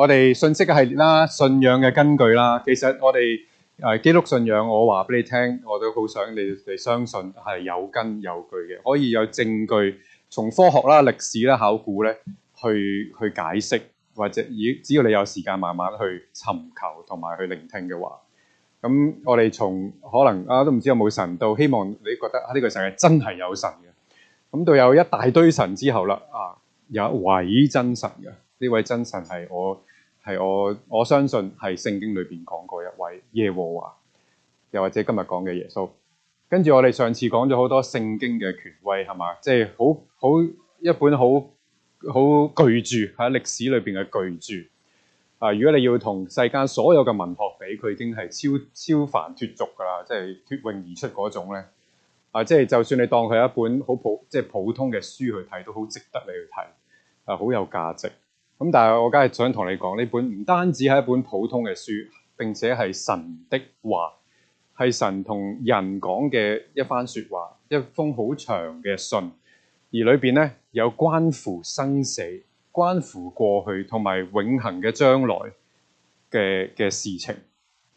我哋信息嘅系列啦，信仰嘅根據啦，其實我哋誒、呃、基督信仰，我話俾你聽，我都好想你哋相信係有根有據嘅，可以有證據，從科學啦、歷史啦、考古咧去去解釋，或者以只要你有時間慢慢去尋求同埋去聆聽嘅話，咁我哋從可能啊都唔知有冇神到，希望你覺得啊呢個神係真係有神嘅，咁到有一大堆神之後啦，啊有一位真神嘅，呢位真神係我係我，我相信係聖經裏邊講過一位耶和華，又或者今日講嘅耶穌。跟住我哋上次講咗好多聖經嘅權威係嘛？即係好好一本好好巨著，喺歷史裏邊嘅巨著。啊，如果你要同世間所有嘅文學比，佢已經係超超凡脫俗噶啦，即係脫穎而出嗰種咧。啊，即係就算你當佢係一本好普即係普通嘅書去睇，都好值得你去睇啊，好有價值。咁但係我梗係想同你講呢本唔單止係一本普通嘅書，並且係神的話，係神同人講嘅一番說話，一封好長嘅信。而裏邊咧有關乎生死、關乎過去同埋永恒嘅將來嘅嘅事情，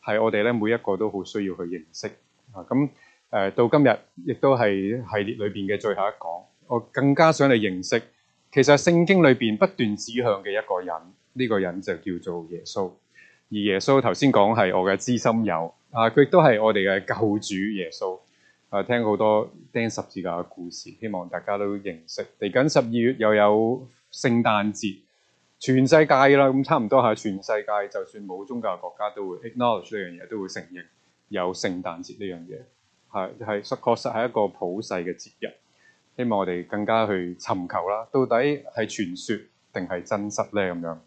係我哋咧每一個都好需要去認識啊，咁、啊、誒到今日亦都係系列裏邊嘅最後一講，我更加想你認識。其實聖經裏邊不斷指向嘅一個人，呢個人就叫做耶穌。而耶穌頭先講係我嘅知心友啊，佢亦都係我哋嘅救主耶穌。啊，聽好多釘十字架嘅故事，希望大家都認識。嚟緊十二月又有聖誕節，全世界啦，咁差唔多係全世界，就算冇宗教嘅國家都會 acknowledge 呢樣嘢，都會承認有聖誕節呢樣嘢，係係確實係一個普世嘅節日。希望我哋更加去尋求啦，到底係傳說定係真實呢？咁樣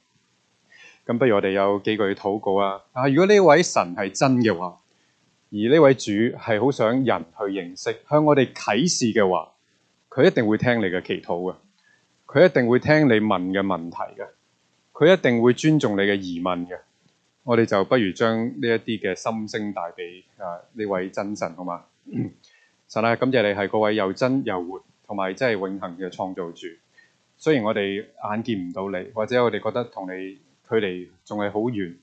咁，不如我哋有幾句禱告啊！啊，如果呢位神係真嘅話，而呢位主係好想人去認識，向我哋啟示嘅話，佢一定會聽你嘅祈禱嘅，佢一定會聽你問嘅問題嘅，佢一定會尊重你嘅疑問嘅。我哋就不如將呢一啲嘅心聲帶俾啊呢位真神，好嘛？ 神啊，感謝你係嗰位又真又活。同埋，真係永恆嘅創造主。雖然我哋眼見唔到你，或者我哋覺得同你距離仲係好遠，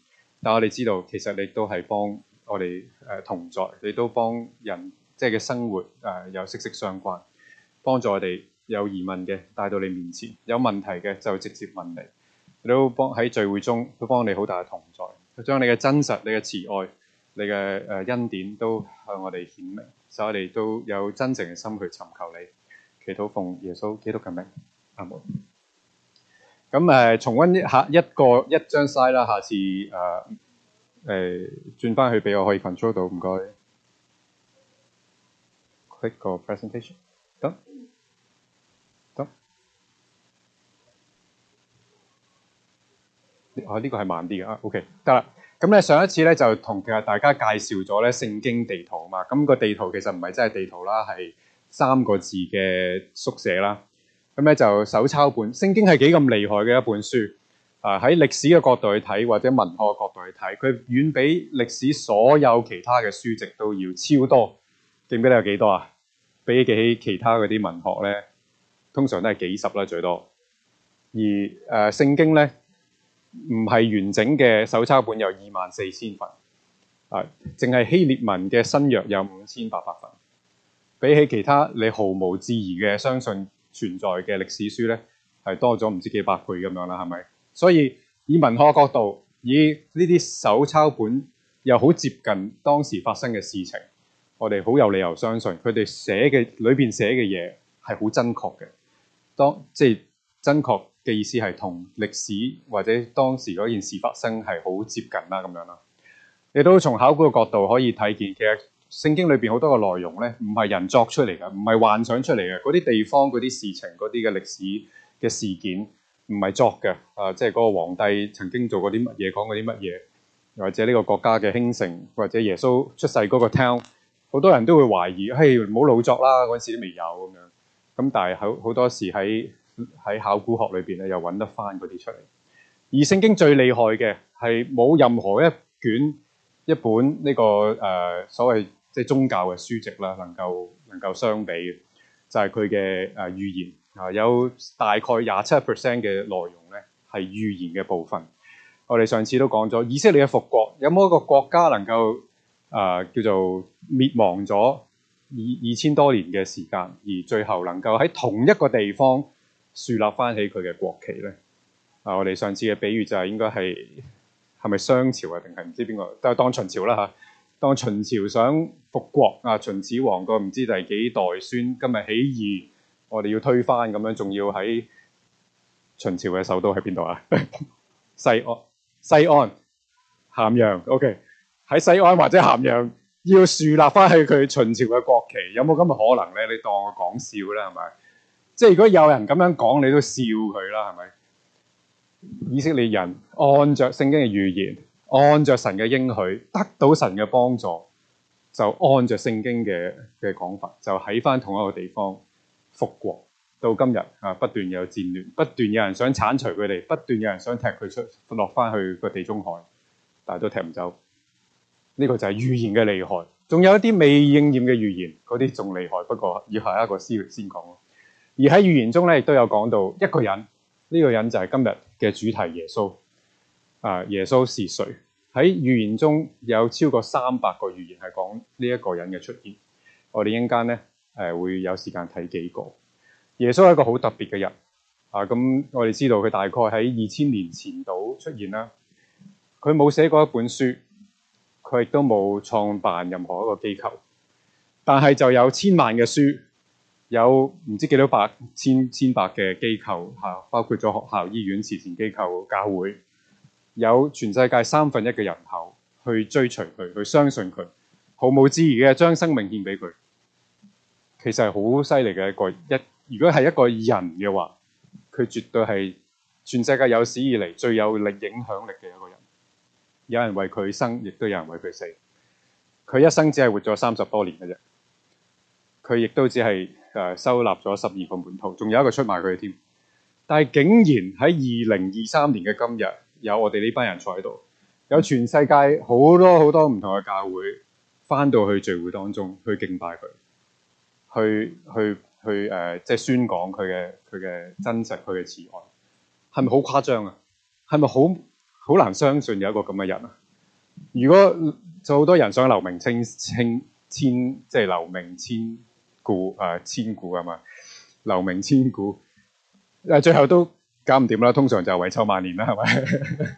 但我哋知道其實你都係幫我哋誒、呃、同在。你都幫人即係嘅生活誒、呃、有息息相關，幫助我哋有疑問嘅帶到你面前，有問題嘅就直接問你。你都幫喺聚會中，都幫你好大嘅同在，佢將你嘅真實、你嘅慈愛、你嘅誒恩典都向我哋顯明，所以我哋都有真正嘅心去尋求你。祈禱奉耶穌基督嘅名，阿門。咁、啊、誒，重溫一下一個一張 slide 啦。下次誒誒轉翻去俾我可以 control 到，唔該。Click presentation。啊這個 presentation，得得。我呢個係慢啲嘅啊。OK，得啦。咁、嗯、咧上一次咧就同其實大家介紹咗咧聖經地圖啊嘛。咁、那個地圖其實唔係真係地圖啦，係。三個字嘅縮寫啦，咁咧就手抄本聖經係幾咁厲害嘅一本書啊！喺、呃、歷史嘅角度去睇，或者文學嘅角度去睇，佢遠比歷史所有其他嘅書籍都要超多。記唔記得有幾多啊？比起其他嗰啲文學咧，通常都係幾十啦最多。而誒聖、呃、經咧，唔係完整嘅手抄本有二萬四千份，啊、呃，淨係希列文嘅新約有五千八百份。比起其他你毫無置疑嘅相信存在嘅歷史書咧，係多咗唔知幾百倍咁樣啦，係咪？所以以文學角度，以呢啲手抄本又好接近當時發生嘅事情，我哋好有理由相信佢哋寫嘅裏邊寫嘅嘢係好真確嘅。當即係、就是、真確，嘅意思係同歷史或者當時嗰件事發生係好接近啦咁樣啦。你都從考古嘅角度可以睇見其實，聖經裏邊好多個內容咧，唔係人作出嚟嘅，唔係幻想出嚟嘅。嗰啲地方、嗰啲事情、嗰啲嘅歷史嘅事件，唔係作嘅。啊，即係嗰個皇帝曾經做過啲乜嘢，講過啲乜嘢，或者呢個國家嘅興盛，或者耶穌出世嗰個 town，好多人都會懷疑，嘿，唔好老作啦，嗰時都未有咁樣。咁但係好好多時喺喺考古學裏邊咧，又揾得翻嗰啲出嚟。而聖經最厲害嘅係冇任何一卷一本呢、這個誒、呃、所謂。即係宗教嘅書籍啦，能夠能夠相比嘅，就係佢嘅誒預言啊，有大概廿七 percent 嘅內容咧係預言嘅部分。我哋上次都講咗以色列嘅復國，有冇一個國家能夠誒、呃、叫做滅亡咗二二千多年嘅時間，而最後能夠喺同一個地方樹立翻起佢嘅國旗咧？啊、呃，我哋上次嘅比喻就係應該係係咪商朝啊，定係唔知邊個？都係當秦朝啦、啊、嚇。當秦朝想復國啊，秦始皇個唔知第幾代孫今日起義，我哋要推翻咁樣，仲要喺秦朝嘅首都喺邊度啊？西安，西安，咸陽。OK，喺西安或者咸陽要樹立翻去佢秦朝嘅國旗，有冇咁嘅可能咧？你當我講笑咧係咪？即係如果有人咁樣講，你都笑佢啦，係咪？以色列人按着聖經嘅預言。按着神嘅應許，得到神嘅幫助，就按着聖經嘅嘅講法，就喺翻同一個地方復國到今日啊，不斷有戰亂，不斷有人想剷除佢哋，不斷有人想踢佢出落翻去個地中海，但係都踢唔走。呢個就係預言嘅厲害。仲有一啲未應驗嘅預言，嗰啲仲厲害。不過以下一個思維先講咯。而喺預言中咧，亦都有講到一個人，呢個人就係今日嘅主題耶穌。啊！耶穌是誰？喺預言中有超過三百個預言係講呢一個人嘅出現。我哋一間咧誒會有時間睇幾個。耶穌係一個好特別嘅人啊！咁我哋知道佢大概喺二千年前度出現啦。佢冇寫過一本書，佢亦都冇創辦任何一個機構，但係就有千萬嘅書，有唔知幾多百千千百嘅機構嚇，包括咗學校、醫院、慈善機構、教會。有全世界三分一嘅人口去追隨佢，去相信佢，毫無置疑嘅將生命獻俾佢。其實係好犀利嘅一個一。如果係一個人嘅話，佢絕對係全世界有史以嚟最有力影響力嘅一個人。有人為佢生，亦都有人為佢死。佢一生只係活咗三十多年嘅啫。佢亦都只係誒收納咗十二個門徒，仲有一個出賣佢添。但係竟然喺二零二三年嘅今日。有我哋呢班人坐喺度，有全世界好多好多唔同嘅教會翻到去聚會當中去敬拜佢，去去去誒，即係宣講佢嘅佢嘅真實，佢嘅慈愛，係咪好誇張啊？係咪好好難相信有一個咁嘅人啊？如果就好多人想留名清清千，即係留名千古誒千古啊嘛，留名千古，但係呃最後都。搞唔掂啦，通常就係遺臭萬年啦，係咪？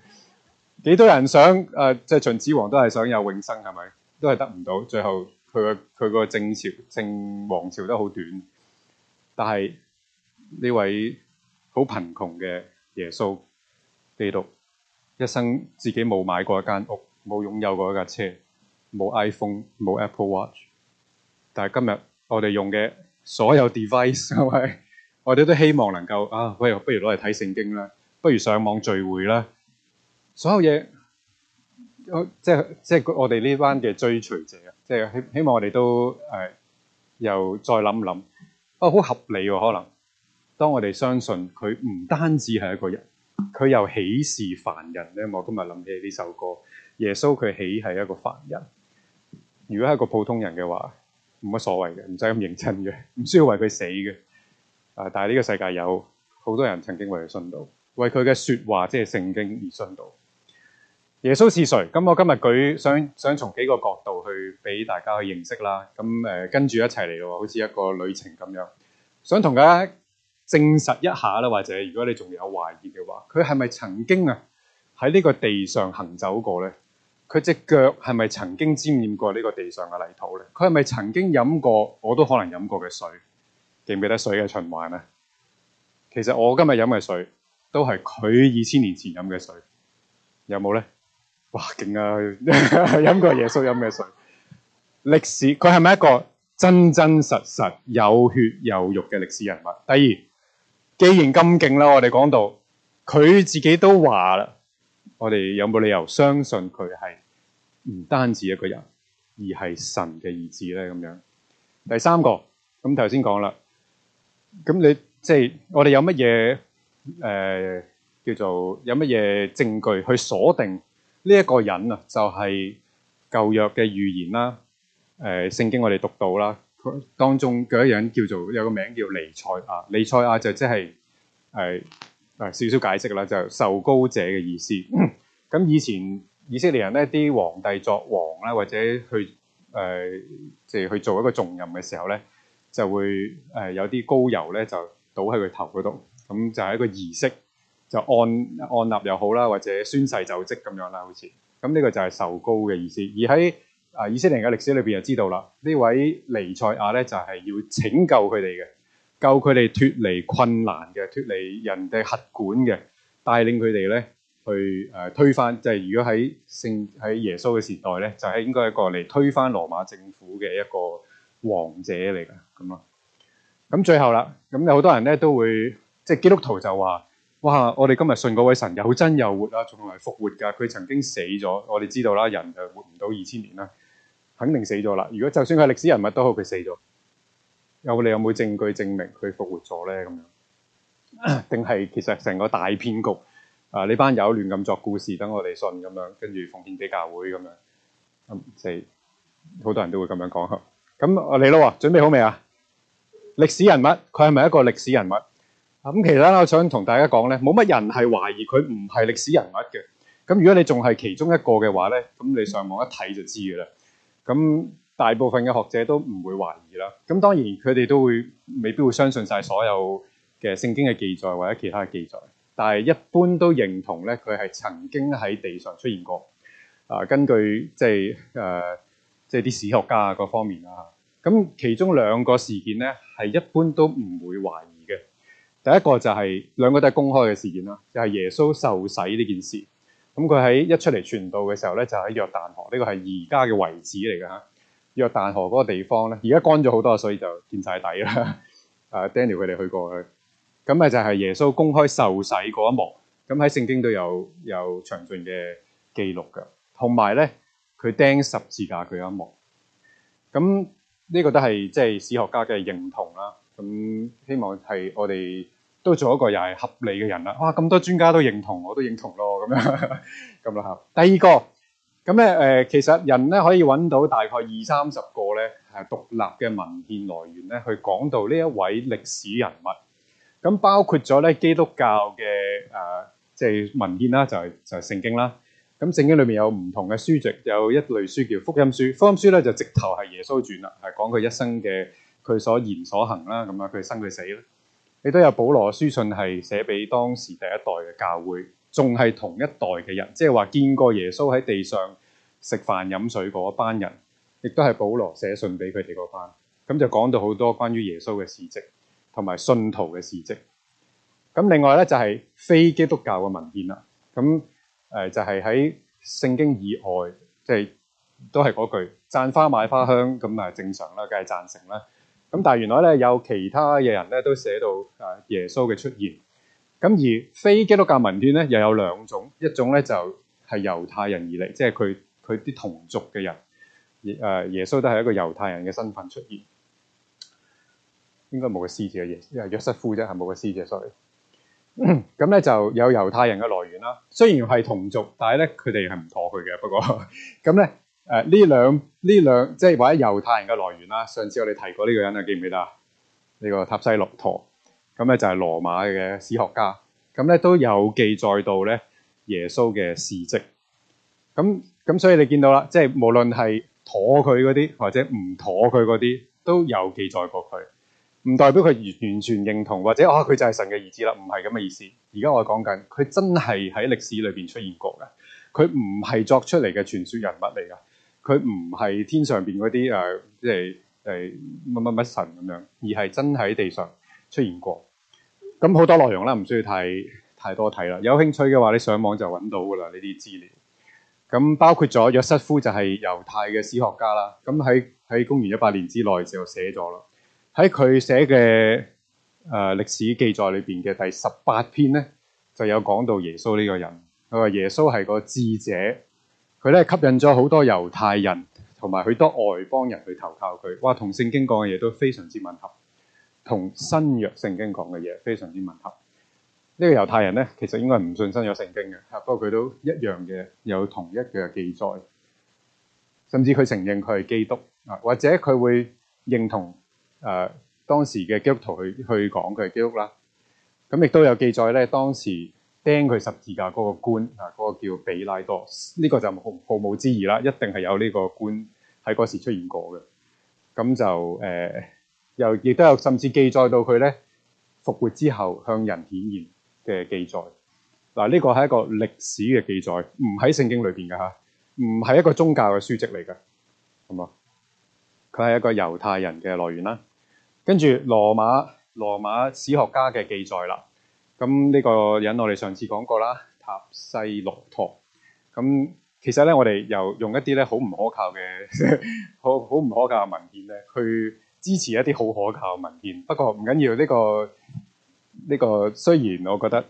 幾 多人想誒，即、呃、係、就是、秦始皇都係想有永生，係咪？都係得唔到，最後佢個佢個正朝正王朝都好短。但係呢位好貧窮嘅耶穌，基督一生自己冇買過一間屋，冇擁有過一架車，冇 iPhone，冇 Apple Watch。但係今日我哋用嘅所有 device 係咪？ 我哋都希望能夠啊，喂不如不如攞嚟睇聖經啦，不如上網聚會啦。所有嘢，即即我哋呢班嘅追隨者啊，即希希望我哋都誒、哎、又再諗諗。哦，好合理喎，可能當我哋相信佢唔單止係一個人，佢又喜事凡人咧。我今日諗起呢首歌，耶穌佢喜係一個凡人。如果係一個普通人嘅話，冇乜所謂嘅，唔使咁認真嘅，唔需要為佢死嘅。啊！但係呢個世界有好多人曾經為佢殉道，為佢嘅説話即係聖經而殉道。耶穌是誰？咁我今日佢想想從幾個角度去俾大家去認識啦。咁誒、呃、跟住一齊嚟咯，好似一個旅程咁樣。想同大家證實一下啦，或者如果你仲有懷疑嘅話，佢係咪曾經啊喺呢個地上行走過呢？佢隻腳係咪曾經沾染過呢個地上嘅泥土呢？佢係咪曾經飲過我都可能飲過嘅水？記唔記得水嘅循環啊？其實我今日飲嘅水都係佢二千年前飲嘅水，有冇咧？哇，勁啊！飲過耶穌飲嘅水，歷 史，佢係咪一個真真實實有血有肉嘅歷史人物？第二，既然咁勁啦，我哋講到佢自己都話啦，我哋有冇理由相信佢係唔單止一個人，而係神嘅意志咧？咁樣，第三個咁頭先講啦。咁你即係、就是、我哋有乜嘢誒叫做有乜嘢證據去鎖定呢一個人啊？就係、是、舊約嘅預言啦，誒、呃、聖經我哋讀到啦，當中嘅一樣叫做有個名叫彌賽亞，彌賽亞就即係係啊少少解釋啦，就受膏者嘅意思。咁 以前以色列人呢啲皇帝作王啦，或者去誒即係去做一個重任嘅時候咧。就會誒有啲膏油咧，就倒喺佢頭嗰度，咁就係一個儀式，就按按立又好啦，或者宣誓就職咁樣啦，好似咁呢個就係受膏嘅意思。而喺啊、呃、以色列嘅歷史裏邊就知道啦，呢位尼賽亞咧就係、是、要拯救佢哋嘅，救佢哋脫離困難嘅，脫離人哋轄管嘅，帶領佢哋咧去誒、呃、推翻，即、就、係、是、如果喺聖喺耶穌嘅時代咧，就喺、是、應該一個嚟推翻羅馬政府嘅一個。王者嚟噶咁啊。咁最後啦，咁有好多人咧都會即係基督徒就話：哇！我哋今日信嗰位神又真又活啦，仲係復活㗎。佢曾經死咗，我哋知道啦，人就活唔到二千年啦，肯定死咗啦。如果就算佢係歷史人物都好，佢死咗有你有冇證據證明佢復活咗咧？咁樣定係其實成個大騙局啊？呢班友亂咁作故事，等我哋信咁樣，跟住奉獻俾教會咁樣，即係好多人都會咁樣講。咁啊，李老啊，準備好未啊？歷史人物，佢係咪一個歷史人物？咁其實我想同大家講咧，冇乜人係懷疑佢唔係歷史人物嘅。咁如果你仲係其中一個嘅話咧，咁你上網一睇就知嘅啦。咁大部分嘅學者都唔會懷疑啦。咁當然佢哋都會未必會相信晒所有嘅聖經嘅記載或者其他嘅記載，但係一般都認同咧，佢係曾經喺地上出現過。啊、呃，根據即係誒。呃即係啲史學家啊，嗰方面啊，咁其中兩個事件咧，係一般都唔會懷疑嘅。第一個就係、是、兩個都係公開嘅事件啦，就係、是、耶穌受洗呢件事。咁佢喺一出嚟傳道嘅時候咧，就喺、是、約旦河，呢、這個係而家嘅遺址嚟嘅吓。約旦河嗰個地方咧，而家乾咗好多，所以就見晒底啦。啊 ，Daniel 佢哋去過去，咁咪就係耶穌公開受洗嗰一幕。咁喺聖經都有有詳盡嘅記錄嘅，同埋咧。佢釘十字架佢一幕，咁呢、這個都係即係史學家嘅認同啦。咁希望係我哋都做一個又係合理嘅人啦。哇，咁多專家都認同，我都認同咯。咁樣咁啦嚇。第二個咁咧誒，其實人咧、呃、可以揾到大概二三十個咧係獨立嘅文獻來源咧，去講到呢一位歷史人物。咁包括咗咧基督教嘅誒、呃、即係文獻啦，就係、是、就係、是、聖經啦。咁聖經裏面有唔同嘅書籍，有一類書叫福音書。福音書咧就直頭係耶穌傳啦，係講佢一生嘅佢所言所行啦，咁啦佢生佢死啦。亦都有保羅書信係寫俾當時第一代嘅教會，仲係同一代嘅人，即係話見過耶穌喺地上食飯飲水嗰班人，亦都係保羅寫信俾佢哋嗰班，咁就講到好多關於耶穌嘅事蹟，同埋信徒嘅事蹟。咁另外咧就係非基督教嘅文獻啦，咁。誒就係喺聖經以外，即係都係嗰句讚花買花香，咁啊正常啦，梗係贊成啦。咁但係原來咧有其他嘅人咧都寫到啊耶穌嘅出現。咁而非基督教文段咧又有兩種，一種咧就係由猶太人而嚟，即係佢佢啲同族嘅人，誒耶穌都係一個猶太人嘅身份出現。應該冇個師子嘅耶，因為約瑟夫啫，係冇個師子，sorry。咁咧 就有猶太人嘅來源啦，雖然係同族，但係咧佢哋係唔妥佢嘅。不過咁咧，誒呢兩呢兩即係或者猶太人嘅來源啦。上次我哋提過呢個人啊，記唔記得啊？呢、這個塔西洛陀咁咧就係羅馬嘅史學家，咁咧都有記載到咧耶穌嘅事蹟。咁咁所以你見到啦，即係無論係妥佢嗰啲或者唔妥佢嗰啲，都有記載過佢。唔代表佢完完全認同，或者哦佢就係神嘅兒子啦，唔係咁嘅意思。而家我講緊，佢真係喺歷史裏邊出現過嘅，佢唔係作出嚟嘅傳説人物嚟噶，佢唔係天上邊嗰啲誒，即係誒乜乜乜神咁樣，而係真喺地上出現過。咁好多內容啦，唔需要太太多睇啦。有興趣嘅話，你上網就揾到噶啦，呢啲資料。咁包括咗約瑟夫就係猶太嘅史學家啦，咁喺喺公元一百年之內就寫咗啦。喺佢寫嘅誒歷史記載裏邊嘅第十八篇咧，就有講到耶穌呢個人。佢話耶穌係個智者，佢咧吸引咗好多猶太人同埋許多外邦人去投靠佢。哇，同聖經講嘅嘢都非常之吻合，同新約聖經講嘅嘢非常之吻合。呢個猶太人咧，其實應該唔信新約聖經嘅，啊，不過佢都一樣嘅有同一嘅記載，甚至佢承認佢係基督啊，或者佢會認同。誒、啊、當時嘅基督徒去去講佢係基督啦，咁亦都有記載咧。當時釘佢十字架嗰個官啊，嗰、那個叫比拉多，呢、這個就毫毫無疑啦，一定係有呢個官喺嗰時出現過嘅。咁、嗯、就誒又亦都有甚至記載到佢咧復活之後向人顯現嘅記載。嗱、啊、呢、這個係一個歷史嘅記載，唔喺聖經裏邊嘅嚇，唔、啊、係一個宗教嘅書籍嚟嘅，係、啊、嘛？佢係一個猶太人嘅來源啦。跟住羅馬羅馬史學家嘅記載啦，咁呢個人我哋上次講過啦，塔西羅陀。咁其實咧，我哋又用一啲咧好唔可靠嘅，好好唔可靠嘅文獻咧，去支持一啲好可靠嘅文獻。不過唔緊要，呢個呢個雖然我覺得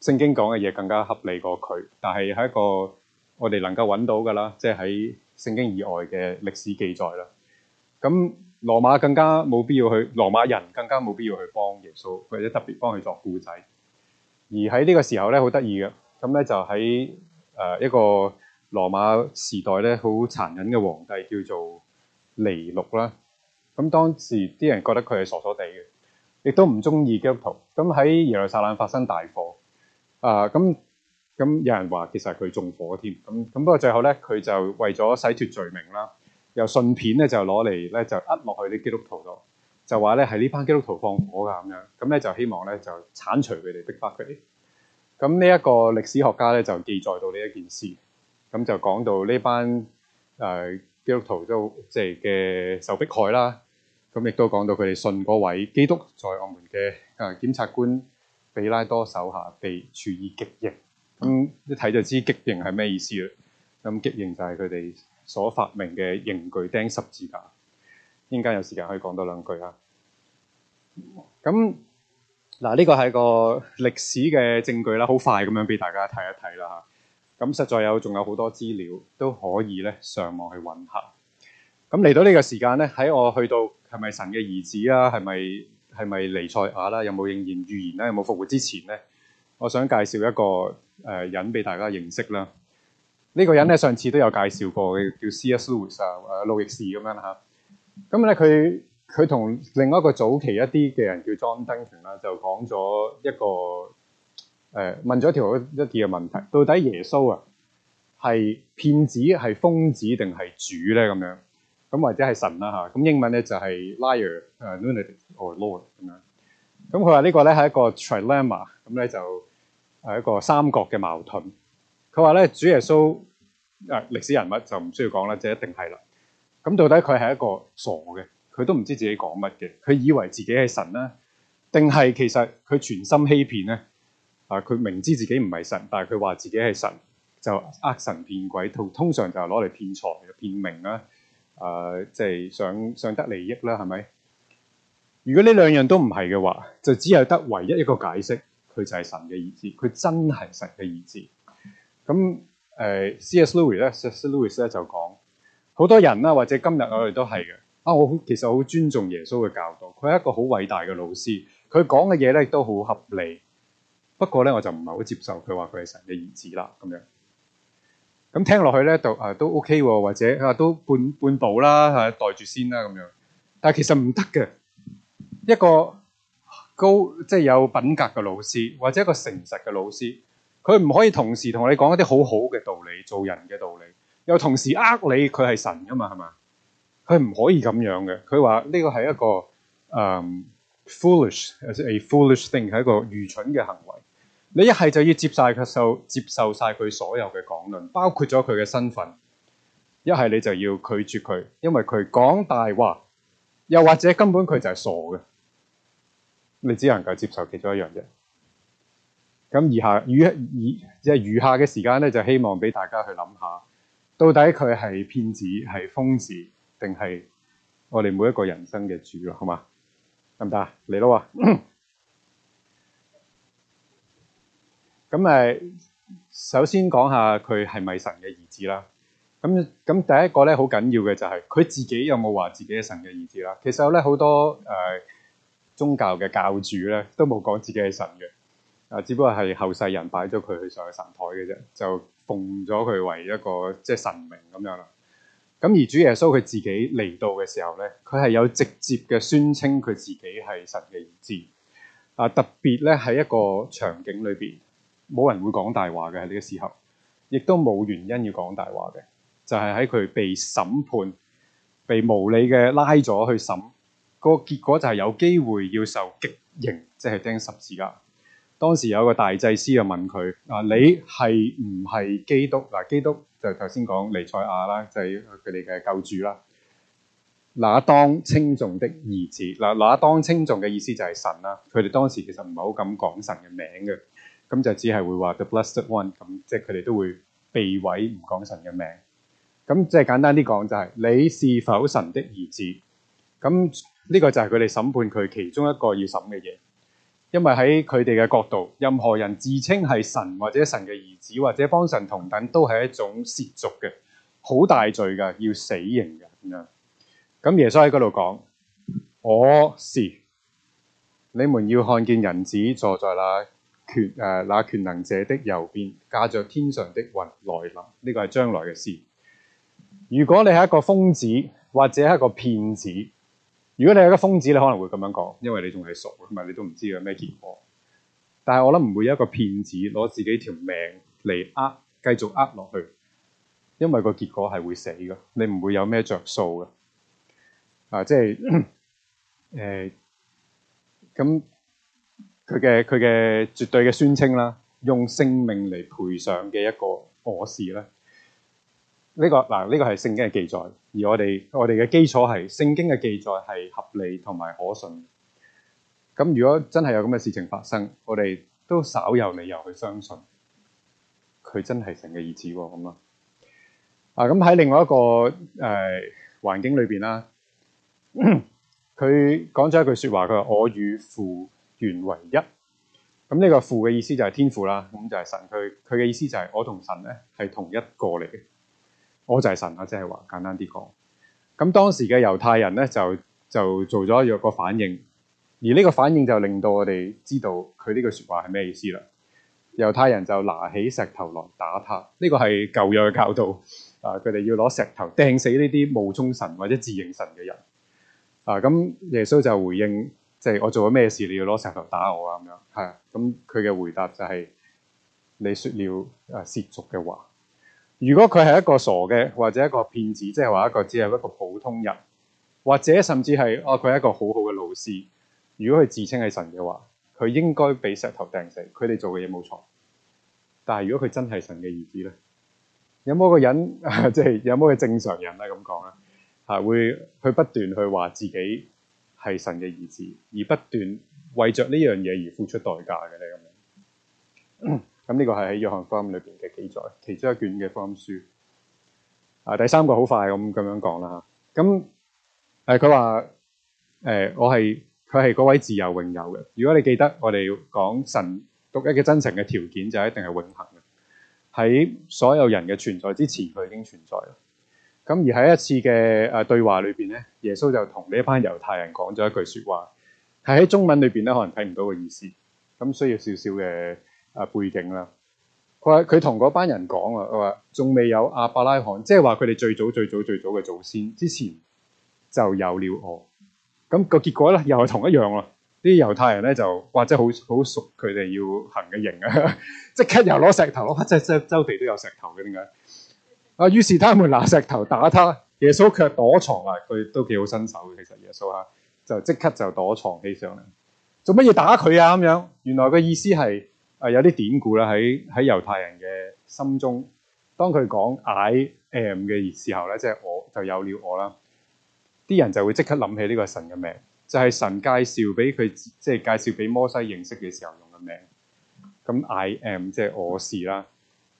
聖經講嘅嘢，更加合理過佢，但係喺，一個我哋能夠搵到噶啦，即係喺聖經以外嘅歷史記載啦。咁羅馬更加冇必要去，羅馬人更加冇必要去幫耶穌，或者特別幫佢作古仔。而喺呢個時候咧，好得意嘅，咁咧就喺誒一個羅馬時代咧，好殘忍嘅皇帝叫做尼祿啦。咁當時啲人覺得佢係傻傻地嘅，亦都唔中意基督徒。咁喺耶路撒冷發生大火，啊咁咁有人話其實佢縱火添，咁咁不過最後咧佢就為咗洗脫罪名啦。又信片咧就攞嚟咧就呃落去啲基督徒度，就話咧係呢班基督徒放火㗎咁樣，咁咧就希望咧就剷除佢哋，逼迫佢哋。咁呢一個歷史學家咧就記載到呢一件事，咁就講到呢班誒基督徒都即係嘅受迫害啦。咁亦都講到佢哋信嗰位基督，在我們嘅誒檢察官比拉多手下被處以極刑。咁一睇就知極刑係咩意思啦。咁極刑就係佢哋所發明嘅刑具釘十字架，應家有時間可以講多兩句啦。咁嗱，呢、這個係個歷史嘅證據啦，好快咁樣俾大家睇一睇啦嚇。咁實在有仲有好多資料都可以咧上網去揾下。咁嚟到呢個時間咧，喺我去到係咪神嘅兒子啊？係咪係咪彌賽亞啦？有冇應驗預言咧、啊？有冇復活之前咧？我想介紹一個誒、呃、人俾大家認識啦。呢個人咧，上次都有介紹過嘅，叫 C.S. Lewis 啊，路易士咁樣啦嚇。咁咧佢佢同另一個早期一啲嘅人叫莊登權啦，就講咗一個誒問咗一條一啲嘅問題，到底耶穌啊係騙子、係瘋子定係主咧咁樣？咁或者係神啦嚇。咁英文咧就係 liar，lunatic or lord 咁樣。咁佢話呢個咧係一個 trilemma，咁咧就係一個三角嘅矛盾。佢話咧，主耶穌啊，歷史人物就唔需要講啦，就一定係啦。咁到底佢係一個傻嘅，佢都唔知自己講乜嘅，佢以為自己係神啦、啊，定係其實佢全心欺騙咧？啊，佢明知自己唔係神，但係佢話自己係神，就呃神騙鬼，通通常就攞嚟騙財、騙名啦。啊，即、呃、係、就係、想想得利益啦、啊，係咪？如果呢兩樣都唔係嘅話，就只有得唯一一個解釋，佢就係神嘅意志，佢真係神嘅意志。咁誒，C.S. Lewis 咧 C.S. Lewis 咧就講好多人啦，或者今日我哋都係嘅。啊，我其實好尊重耶穌嘅教導，佢係一個好偉大嘅老師，佢講嘅嘢咧亦都好合理。不過咧，我就唔係好接受佢話佢係神嘅兒子啦，咁樣。咁聽落去咧，就、啊、誒都 OK 或者、啊、都半半步啦，嚇、啊，待住先啦，咁樣。但係其實唔得嘅，一個高即係、就是、有品格嘅老師，或者一個誠實嘅老師。佢唔可以同時同你講一啲好好嘅道理，做人嘅道理，又同時呃你，佢係神噶嘛，係嘛？佢唔可以咁樣嘅。佢話呢個係一個誒、um, foolish，a foolish thing，係一個愚蠢嘅行為。你一係就要接曬佢受，接受曬佢所有嘅講論，包括咗佢嘅身份。一係你就要拒絕佢，因為佢講大話，又或者根本佢就係傻嘅。你只能夠接受其中一樣嘢。咁而下，餘一即係餘下嘅時間咧，就希望俾大家去諗下，到底佢係騙子、係瘋子，定係我哋每一個人生嘅主咯，好嘛？得唔得啊？嚟咯！咁誒， 首先講下佢係咪神嘅兒子啦。咁咁第一個咧，好緊要嘅就係佢自己有冇話自己係神嘅兒子啦。其實咧，好多誒、呃、宗教嘅教主咧，都冇講自己係神嘅。啊！只不過係後世人擺咗佢去上去神台嘅啫，就奉咗佢為一個即係神明咁樣啦。咁而主耶穌佢自己嚟到嘅時候咧，佢係有直接嘅宣稱，佢自己係神嘅兒子。啊。特別咧喺一個場景裏邊，冇人會講大話嘅喺呢個時候，亦都冇原因要講大話嘅，就係喺佢被審判、被無理嘅拉咗去審嗰個結果，就係有機會要受極刑，即係釘十字架。當時有個大祭司就問佢，啊，你係唔係基督？嗱、啊，基督就頭先講彌賽亞啦，就係佢哋嘅救主啦。那當稱重的兒子？嗱、啊，那當稱重嘅意思就係神啦。佢哋當時其實唔係好敢講神嘅名嘅，咁就只係會話 The Blessed One。咁即係佢哋都會避諱唔講神嘅名。咁即係簡單啲講就係、是：你是否神的兒子？咁呢個就係佢哋審判佢其中一個要審嘅嘢。因為喺佢哋嘅角度，任何人自稱係神或者神嘅兒子或者幫神同等，都係一種褻瀆嘅，好大罪嘅，要死刑嘅咁樣。咁耶穌喺嗰度講：我是你們要看見人子坐在那權誒那權能者的右邊，駕着天上的雲來臨。呢個係將來嘅事。如果你係一個瘋子或者係一個騙子。如果你係個瘋子，你可能會咁樣講，因為你仲係傻，同埋你都唔知有咩結果。但係我諗唔會有一個騙子攞自己條命嚟呃，繼續呃落去，因為個結果係會死㗎，你唔會有咩着數㗎。啊，即係誒咁佢嘅佢嘅絕對嘅宣稱啦，用性命嚟賠償嘅一個惡事啦。呢、這個嗱，呢、這個係聖經嘅記載，而我哋我哋嘅基礎係聖經嘅記載係合理同埋可信。咁如果真係有咁嘅事情發生，我哋都少有理由去相信佢真係神嘅兒子喎、哦。咁啊，咁、嗯、喺另外一個誒環、呃、境裏邊啦，佢講咗一句説話，佢話：我與父原為一。咁、嗯、呢、這個父嘅意思就係天父啦，咁、嗯、就係、是、神。佢佢嘅意思就係我同神咧係同一個嚟嘅。我就係神啊，即係話，簡單啲講。咁當時嘅猶太人咧就就做咗一個反應，而呢個反應就令到我哋知道佢呢句說話係咩意思啦。猶太人就拿起石頭來打他，呢個係舊約嘅教導啊，佢哋要攞石頭掟死呢啲冒充神或者自認神嘅人啊。咁、嗯、耶穌就回應，即、就、係、是、我做咗咩事你要攞石頭打我啊？咁樣係，咁佢嘅回答就係、是、你說了啊褻瀆嘅話。如果佢係一個傻嘅，或者一個騙子，即係話一個只係一個普通人，或者甚至係哦佢係一個好好嘅老師。如果佢自稱係神嘅話，佢應該俾石頭掟死。佢哋做嘅嘢冇錯。但係如果佢真係神嘅兒子呢？有冇個人，啊，即係有冇個正常人咧咁講咧嚇？會佢不斷去話自己係神嘅兒子，而不斷為着呢樣嘢而付出代價嘅咧咁樣。咁呢個係喺約翰福音裏邊嘅記載，其中一卷嘅福音書啊。第三個好快咁咁樣講啦吓。咁、啊、誒，佢話誒，我係佢係嗰位自有永有嘅。如果你記得我哋講神獨一嘅真誠嘅條件，就一定係永恆嘅。喺所有人嘅存在之前，佢已經存在啦。咁、啊、而喺一次嘅誒對話裏邊咧，耶穌就同呢一班猶太人講咗一句說話，係喺中文裏邊咧，可能睇唔到個意思，咁需要少少嘅。啊背景啦，佢佢同嗰班人講啊，佢話仲未有亞伯拉罕，即係話佢哋最早最早最早嘅祖先之前就有了我。咁、那個結果咧又係同一樣喎。啲猶太人咧就哇真係好好熟佢哋要行嘅刑 啊，即刻又攞石頭咯，即即周地都有石頭嘅點解？啊，於是他們拿石頭打他，耶穌卻躲藏啊！佢都幾好身手嘅，其實耶穌啊，就即刻就躲藏起上嚟。做乜嘢打佢啊？咁樣原來個意思係。誒有啲典故啦，喺喺猶太人嘅心中，當佢講 I am 嘅時候咧，即係我就有了我啦。啲人就會即刻諗起呢個神嘅名，就係神介紹俾佢，即係介紹俾摩西認識嘅時候用嘅名。咁 I am 即係我是啦。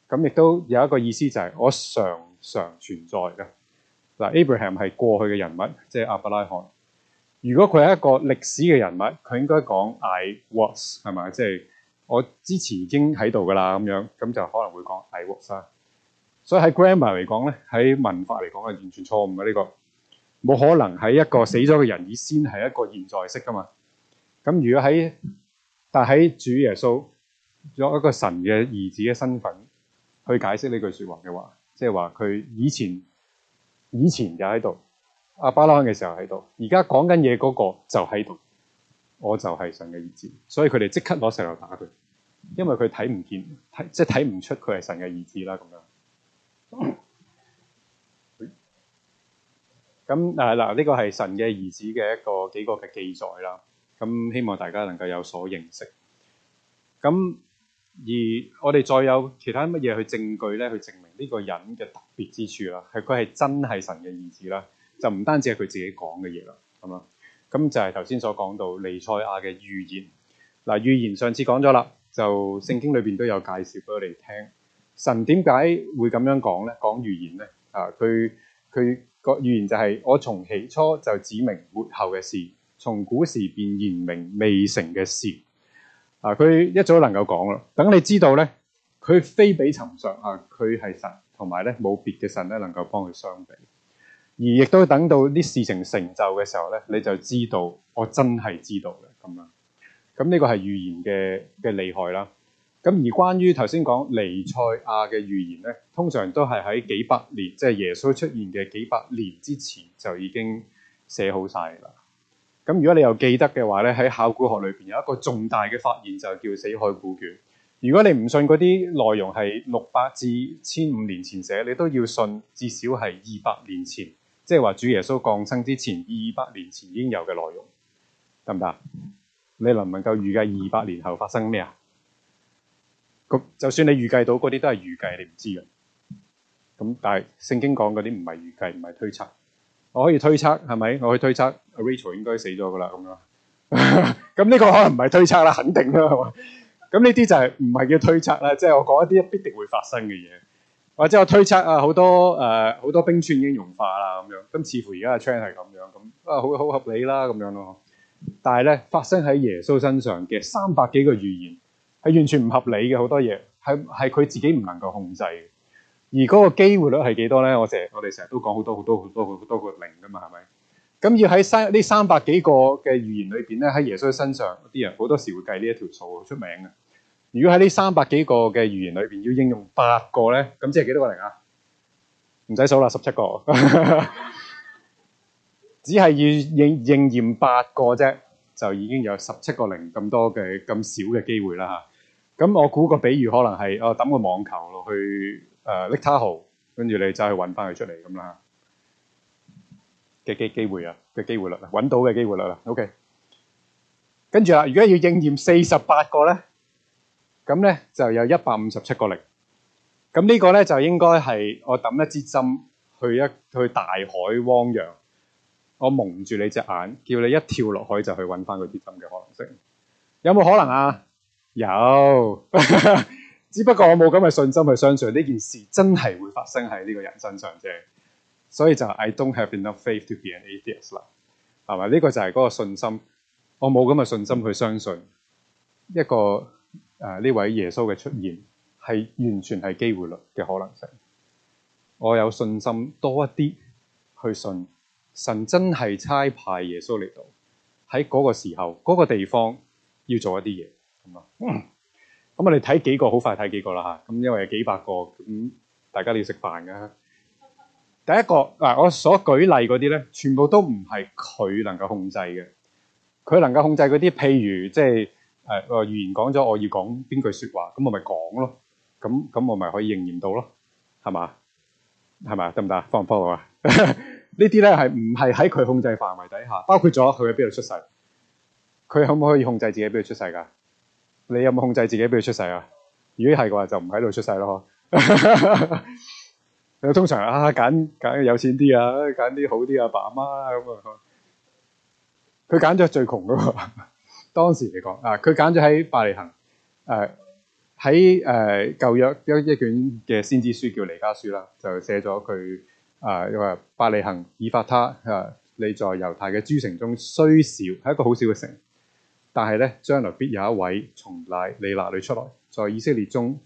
咁亦都有一個意思就係我常常存在嘅嗱。Abraham 係過去嘅人物，即係阿伯拉罕。如果佢係一個歷史嘅人物，佢應該講 I was 係咪？即係。我之前已經喺度噶啦，咁樣咁就可能會講 I was 啊， 所以喺 grammar 嚟講咧，喺文法嚟講係完全錯誤嘅呢、這個，冇可能喺一個死咗嘅人以先係一個現在式噶嘛。咁如果喺但喺主耶穌作一個神嘅兒子嘅身份去解釋呢句說話嘅話，即係話佢以前以前就喺度，亞伯拉罕嘅時候喺度，而家講緊嘢嗰個就喺度。我就係神嘅兒子，所以佢哋即刻攞石頭打佢，因為佢睇唔見，睇即係睇唔出佢係神嘅兒子啦。咁樣，咁 啊嗱，呢、呢個係神嘅兒子嘅一個幾個嘅記載啦。咁希望大家能夠有所認識。咁而我哋再有其他乜嘢去證據咧，去證明呢個人嘅特別之處啦，係佢係真係神嘅兒子啦，就唔單止係佢自己講嘅嘢啦，咁啊。咁就係頭先所講到尼賽亞嘅預言。嗱預言上次講咗啦，就聖經裏邊都有介紹俾我哋聽。神點解會咁樣講咧？講預言咧？啊，佢佢個預言就係、是、我從起初就指明末後嘅事，從古時便言明未成嘅事。啊，佢一早能夠講咯。等你知道咧，佢非比尋常啊！佢係神，同埋咧冇別嘅神咧能夠幫佢相比。而亦都等到啲事情成就嘅時候咧，你就知道我真係知道嘅咁啊。咁呢個係預言嘅嘅厲害啦。咁而關於頭先講尼賽亞嘅預言咧，通常都係喺幾百年，即係耶穌出現嘅幾百年之前就已經寫好曬啦。咁如果你又記得嘅話咧，喺考古學裏邊有一個重大嘅發現，就叫死海古卷。如果你唔信嗰啲內容係六百至千五年前寫，你都要信至少係二百年前。即係話主耶穌降生之前二百年前已經有嘅內容，得唔得？你能唔能夠預計二百年後發生咩啊？嗰，就算你預計到嗰啲都係預計，你唔知嘅。咁但係聖經講嗰啲唔係預計，唔係推測。我可以推測係咪？我可以推測 Rachel 應該死咗噶啦，咁、嗯、啊。咁 呢個可能唔係推測啦，肯定啦，係嘛？咁呢啲就係唔係叫推測啦，即係我講一啲必定會發生嘅嘢。或者我推測啊，好多誒，好、呃、多冰川已經融化啦，咁樣，咁、嗯、似乎而家嘅趨勢係咁樣，咁、嗯、啊，好好合理啦，咁樣咯。但係咧，發生喺耶穌身上嘅三百幾個預言，係完全唔合理嘅，好多嘢係係佢自己唔能夠控制嘅。而嗰個機會率係幾多咧？我成我哋成日都講好多好多好多好多好多個零㗎嘛，係咪？咁要喺三呢三百幾個嘅預言裏邊咧，喺耶穌身上，啲人好多時會計呢一條數，出名嘅。如果喺呢三百幾個嘅預言裏邊要應用八個咧，咁即係幾多個零啊？唔使數啦，十七個，只係要應應驗八個啫，就已經有十七個零咁多嘅咁少嘅機會啦嚇。咁我估個比喻可能係哦抌個網球落去誒擰他號，跟住你走去揾翻佢出嚟咁啦嘅機機會啊嘅機會率啦，揾到嘅機會率啦，OK。跟住啦，如果要應驗四十八個咧？咁咧就有一百五十七個零，咁呢個咧就應該係我抌一支針去一去大海汪洋，我蒙住你隻眼，叫你一跳落海就去揾翻佢啲針嘅可能性，有冇可能啊？有， 只不過我冇咁嘅信心去相信呢件事真係會發生喺呢個人身上啫，所以就 I don't have enough faith to be an atheist 啦，係咪？呢個就係嗰個信心，我冇咁嘅信心去相信一個。誒，呢、啊、位耶穌嘅出現係完全係機會率嘅可能性。我有信心多一啲去信神，真係差派耶穌嚟到喺嗰個時候、嗰、那個地方要做一啲嘢。咁、嗯、啊，咁、嗯嗯嗯、我哋睇幾個，好快睇幾個啦吓。咁、啊、因為有幾百個，咁、嗯、大家都要食飯噶。第一個嗱、啊，我所舉例嗰啲咧，全部都唔係佢能夠控制嘅。佢能夠控制嗰啲，譬如即係。誒，預言講咗我要講邊句說話，咁我咪講咯，咁咁我咪可以應驗到咯，係嘛？係咪得唔得？方唔方路啊？幫幫我 呢啲咧係唔係喺佢控制範圍底下？包括咗佢喺邊度出世，佢可唔可以控制自己邊度出世噶？你有冇控制自己邊度出世啊？如果係嘅話，就唔喺度出世咯。 通常啊，揀揀有錢啲啊，揀啲好啲阿爸阿媽咁啊，佢揀咗最窮噶喎。 當時嚟講，嗱，佢揀咗喺伯利恒。誒，喺誒舊約一一卷嘅先知書叫彌迦書啦，就寫咗佢啊，話伯利恒以法他啊，你在猶太嘅諸城中雖小，係一個好小嘅城，但係咧，將來必有一位從你那裏出來，在以色列中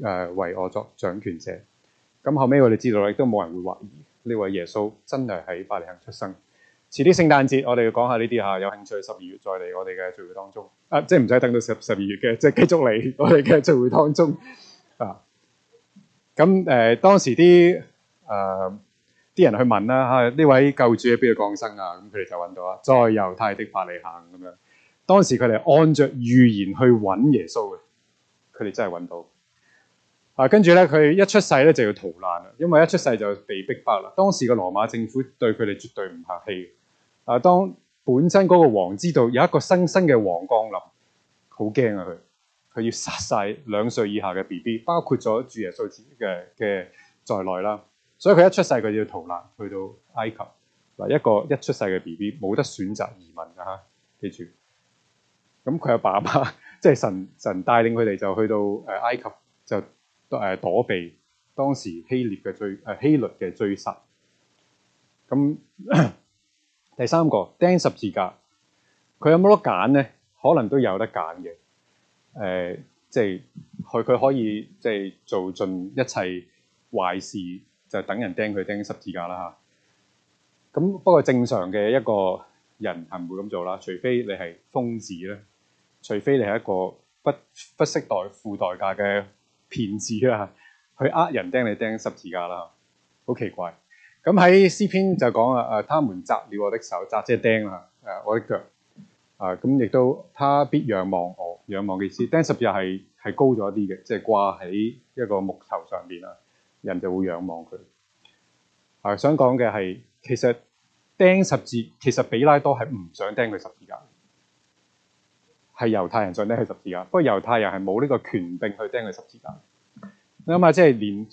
誒、呃、為我作掌權者。咁、啊、後尾我哋知道亦都冇人會懷疑呢位耶穌真係喺伯利恒出生。遲啲聖誕節，我哋要講下呢啲嚇，有興趣十二月再嚟我哋嘅聚會當中。啊，即係唔使等到十十二月嘅，即係繼續嚟我哋嘅聚會當中、呃呃。啊，咁誒當時啲誒啲人去問啦嚇，呢位救主喺邊度降生啊？咁佢哋就揾到啦，的再猶太的法利行咁樣。當時佢哋按着預言去揾耶穌嘅，佢哋真係揾到。啊，跟住咧，佢一出世咧就要逃難啊，因為一出世就被逼迫啦。當時個羅馬政府對佢哋絕對唔客氣。啊！當本身嗰個王知道有一個新生嘅王降臨，好驚啊！佢佢要殺晒兩歲以下嘅 B B，包括咗主耶穌嘅嘅在內啦。所以佢一出世，佢要逃難去到埃及。嗱，一個一出世嘅 B B 冇得選擇移民㗎！嚇，記住。咁佢阿爸爸即係神神帶領佢哋就去到誒埃及，就誒、啊、躲避當時希烈嘅追誒、啊、希律嘅追殺。咁 第三個釘十字架，佢有冇得揀咧？可能都有得揀嘅。誒、呃，即係佢佢可以即係做盡一切壞事，就等人釘佢釘十字架啦嚇。咁、啊、不過正常嘅一個人係唔、啊、會咁做啦，除非你係瘋子啦，除非你係一個不不惜代付代價嘅騙子啊，去呃人釘你釘十字架啦，好奇怪。咁喺詩篇就講啦，誒、啊，他們扎了我的手，扎即釘啦，誒，我的腳啊。咁亦都他必仰望我，仰望嘅意思，釘十字係係高咗啲嘅，即係掛喺一個木頭上邊啦，人就會仰望佢。啊，想講嘅係其實釘十字其實比拉多係唔想釘佢十字架，係猶太人想釘佢十字架，不過猶太人係冇呢個權柄去釘佢十字架。你諗下，即係連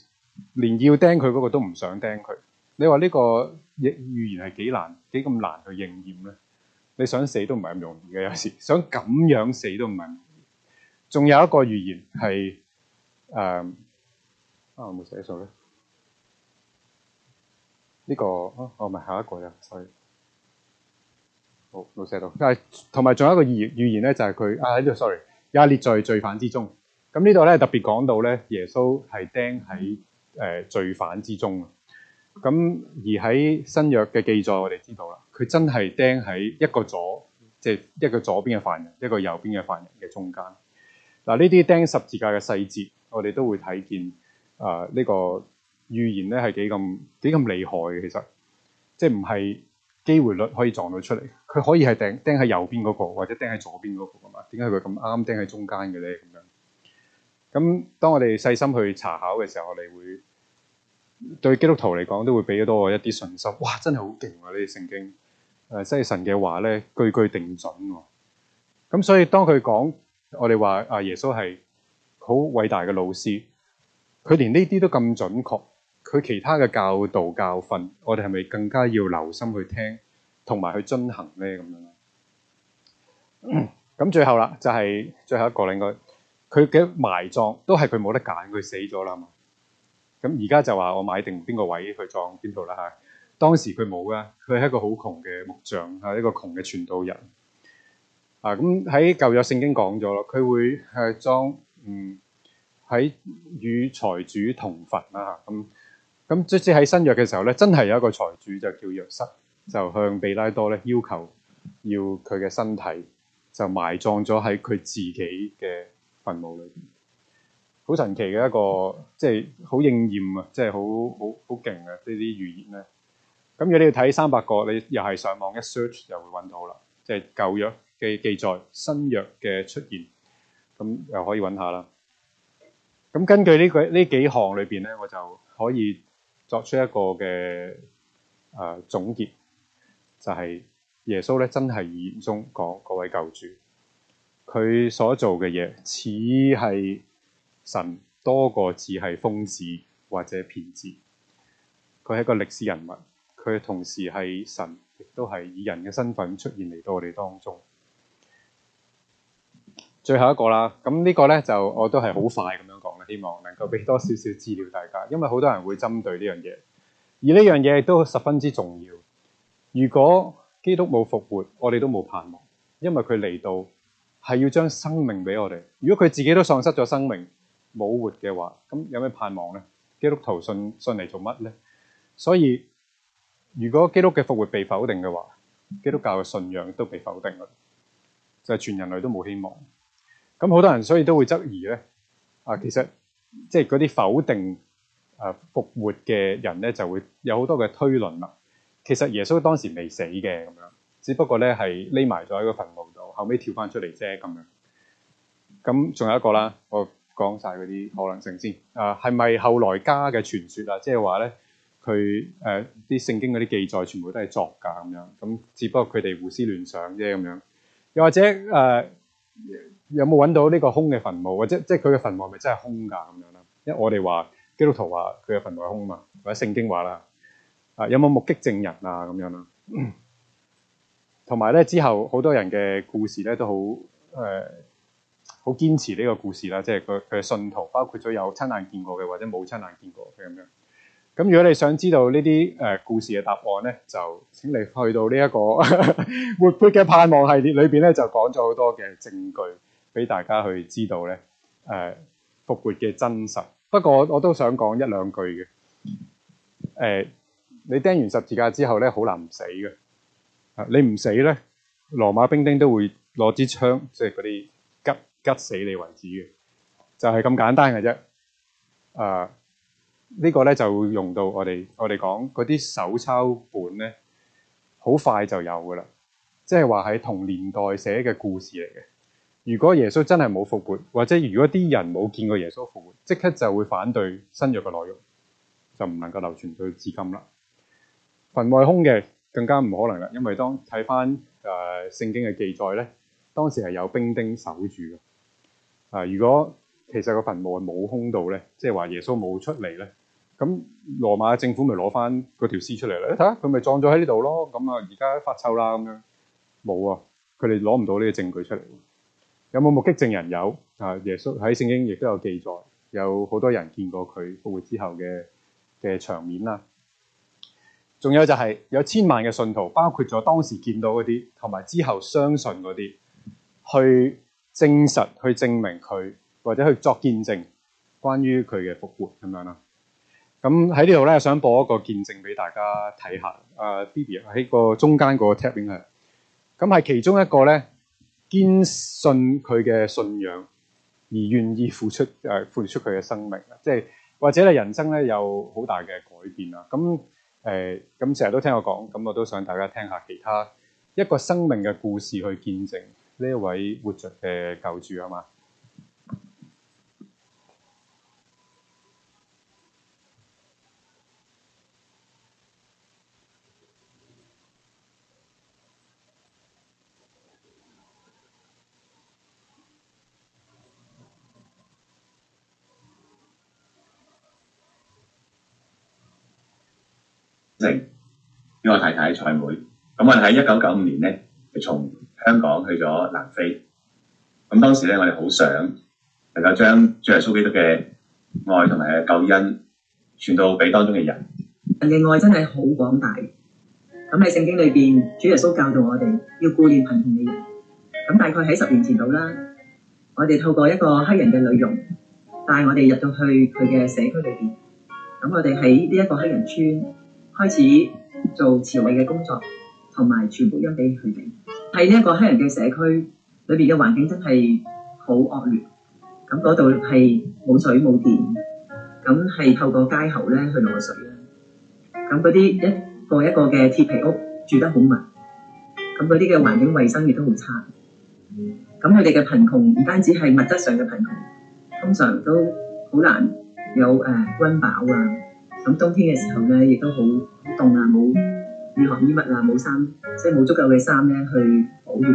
連要釘佢嗰個都唔想釘佢。你話呢個預言係幾難幾咁難去應驗咧？你想死都唔係咁容易嘅，有時想咁樣死都唔係咁容易。仲有一個預言係誒、嗯、啊！冇寫數咧，呢、呢個、啊、我咪下一個啫。所以好冇寫到，但係同埋仲有一個預言預言咧，就係佢啊喺度。Sorry，有列在罪，罪犯之中咁、嗯、呢度咧，特別講到咧，耶穌係釘喺誒罪犯之中啊。咁而喺新約嘅記載，我哋知道啦，佢真係釘喺一個左，即係一個左邊嘅犯人，一個右邊嘅犯人嘅中間。嗱，呢啲釘十字架嘅細節，我哋都會睇見。啊，呢個預言咧係幾咁幾咁厲害嘅，其實即係唔係機會率可以撞到出嚟？佢可以係釘釘喺右邊嗰個，或者釘喺左邊嗰個，嘛？點解佢咁啱釘喺中間嘅咧？咁樣咁，當我哋細心去查考嘅時候，我哋會。對基督徒嚟講，都會俾多我一啲信心。哇，真係好勁啊！呢啲聖經，誒，即係神嘅話咧，句句定準啊。咁所以當佢講，我哋話啊，耶穌係好偉大嘅老師，佢連呢啲都咁準確，佢其他嘅教導教訓，我哋係咪更加要留心去聽，同埋去遵行咧？咁樣。咁最後啦，就係最後一個啦。應該佢嘅埋葬都係佢冇得揀，佢死咗啦嘛。咁而家就話我買定邊個位去葬邊度啦吓，當時佢冇噶，佢係一個好窮嘅木匠，吓一個窮嘅傳道人。啊，咁喺舊約聖經講咗咯，佢會係葬，嗯，喺與財主同墳啦吓。咁咁即使喺新約嘅時候咧，真係有一個財主就叫約瑟，就向比拉多咧要求要佢嘅身體，就埋葬咗喺佢自己嘅墳墓裏邊。好神奇嘅一個，即係好應驗啊！即係好好好勁啊！語呢啲預言咧，咁如果你睇三百個，你又係上網一 search 就會揾到啦。即係舊約嘅記載，新約嘅出現，咁又可以揾下啦。咁根據幾行面呢個呢幾項裏邊咧，我就可以作出一個嘅誒、呃、總結，就係、是、耶穌咧真係預言中講嗰位救主，佢所做嘅嘢似係。神多個字係瘋子或者騙子，佢係一個歷史人物，佢同時係神，亦都係以人嘅身份出現嚟到我哋當中。最後一個啦，咁呢個呢，就我都係好快咁樣講啦，希望能夠俾多少少資料大家，因為好多人會針對呢樣嘢，而呢樣嘢都十分之重要。如果基督冇復活，我哋都冇盼望，因為佢嚟到係要將生命俾我哋。如果佢自己都喪失咗生命，冇活嘅話，咁有咩盼望咧？基督徒信信嚟做乜咧？所以，如果基督嘅復活被否定嘅話，基督教嘅信仰都被否定啦，就係全人類都冇希望。咁好多人所以都會質疑咧，啊，其實即係嗰啲否定啊復活嘅人咧，就會有好多嘅推論啦。其實耶穌當時未死嘅咁樣，只不過咧係匿埋咗喺個墳墓度，後尾跳翻出嚟啫咁樣。咁仲有一個啦，我。講晒嗰啲可能性先，啊係咪後來加嘅傳說啊？即係話咧，佢誒啲聖經嗰啲記載全部都係作假咁樣，咁只不過佢哋胡思亂想啫咁樣。又或者誒、呃，有冇揾到呢個空嘅墳墓或者即即佢嘅墳墓係咪真係空㗎咁樣啦？因為我哋話基督徒話佢嘅墳墓係空啊嘛，或者聖經話啦，啊有冇目擊證人啊咁樣啦？同埋咧，之後好多人嘅故事咧都好誒。呃好堅持呢個故事啦，即係佢佢嘅信徒，包括咗有親眼見過嘅，或者冇親眼見過佢咁樣。咁如果你想知道呢啲誒故事嘅答案咧，就請你去到呢一個 活潑嘅盼望系列裏邊咧，就講咗好多嘅證據俾大家去知道咧。誒、呃、復活嘅真實。不過我都想講一兩句嘅。誒、呃、你釘完十字架之後咧，好難唔死嘅。啊、呃，你唔死咧，羅馬兵丁都會攞支槍，即係嗰啲。吉死你為止嘅，就係、是、咁簡單嘅啫。誒、呃這個、呢個咧就用到我哋，我哋講嗰啲手抄本咧，好快就有噶啦。即係話係同年代寫嘅故事嚟嘅。如果耶穌真係冇復活，或者如果啲人冇見過耶穌復活，即刻就會反對新約嘅內容，就唔能夠流傳到至今啦。墳外空嘅更加唔可能啦，因為當睇翻誒聖經嘅記載咧，當時係有兵丁守住。啊！如果其實個墳墓係冇空到咧，即係話耶穌冇出嚟咧，咁羅馬政府咪攞翻嗰條屍出嚟咧？睇下佢咪葬咗喺呢度咯？咁啊，而家發臭啦咁樣。冇啊！佢哋攞唔到呢個證據出嚟。有冇目擊證人？有啊。耶穌喺聖經亦都有記載，有好多人見過佢復活之後嘅嘅場面啦。仲有就係有千萬嘅信徒，包括咗當時見到嗰啲，同埋之後相信嗰啲去。證實去證明佢，或者去作見證關於佢嘅復活咁樣啦。咁喺呢度咧，想播一個見證俾大家睇下。啊 BB 喺個中間個 tapping 啊。咁係其中一個咧，堅信佢嘅信仰而願意付出誒，付出佢嘅生命，即係或者你人生咧有好大嘅改變啊。咁誒，咁成日都聽我講，咁我都想大家聽下其他一個生命嘅故事去見證。呢位活着嘅救主啊嘛，令我太太蔡妹，咁我哋喺一九九五年咧，係從，香港去咗南非，咁當時咧，我哋好想能夠將主耶穌基督嘅愛同埋救恩傳到俾當中嘅人。人嘅愛真係好廣大。咁喺聖經裏邊，主耶穌教導我哋要顧念貧窮嘅人。咁大概喺十年前度啦，我哋透過一個黑人嘅女傭帶我哋入到去佢嘅社區裏邊。咁我哋喺呢一個黑人村開始做慈愛嘅工作，同埋傳福音俾佢哋。喺呢一個黑人嘅社區裏面嘅環境真係好惡劣，咁嗰度係冇水冇電，咁係透過街喉咧去攞水啦。咁嗰啲一個一個嘅鐵皮屋住得好密，咁嗰啲嘅環境衛生亦都好差。咁佢哋嘅貧窮唔單止係物質上嘅貧窮，通常都好難有誒呃、溫飽啊。咁冬天嘅時候咧，亦都好凍啊，冇御寒衣物啊，冇衫，即係冇足夠嘅衫咧去保暖。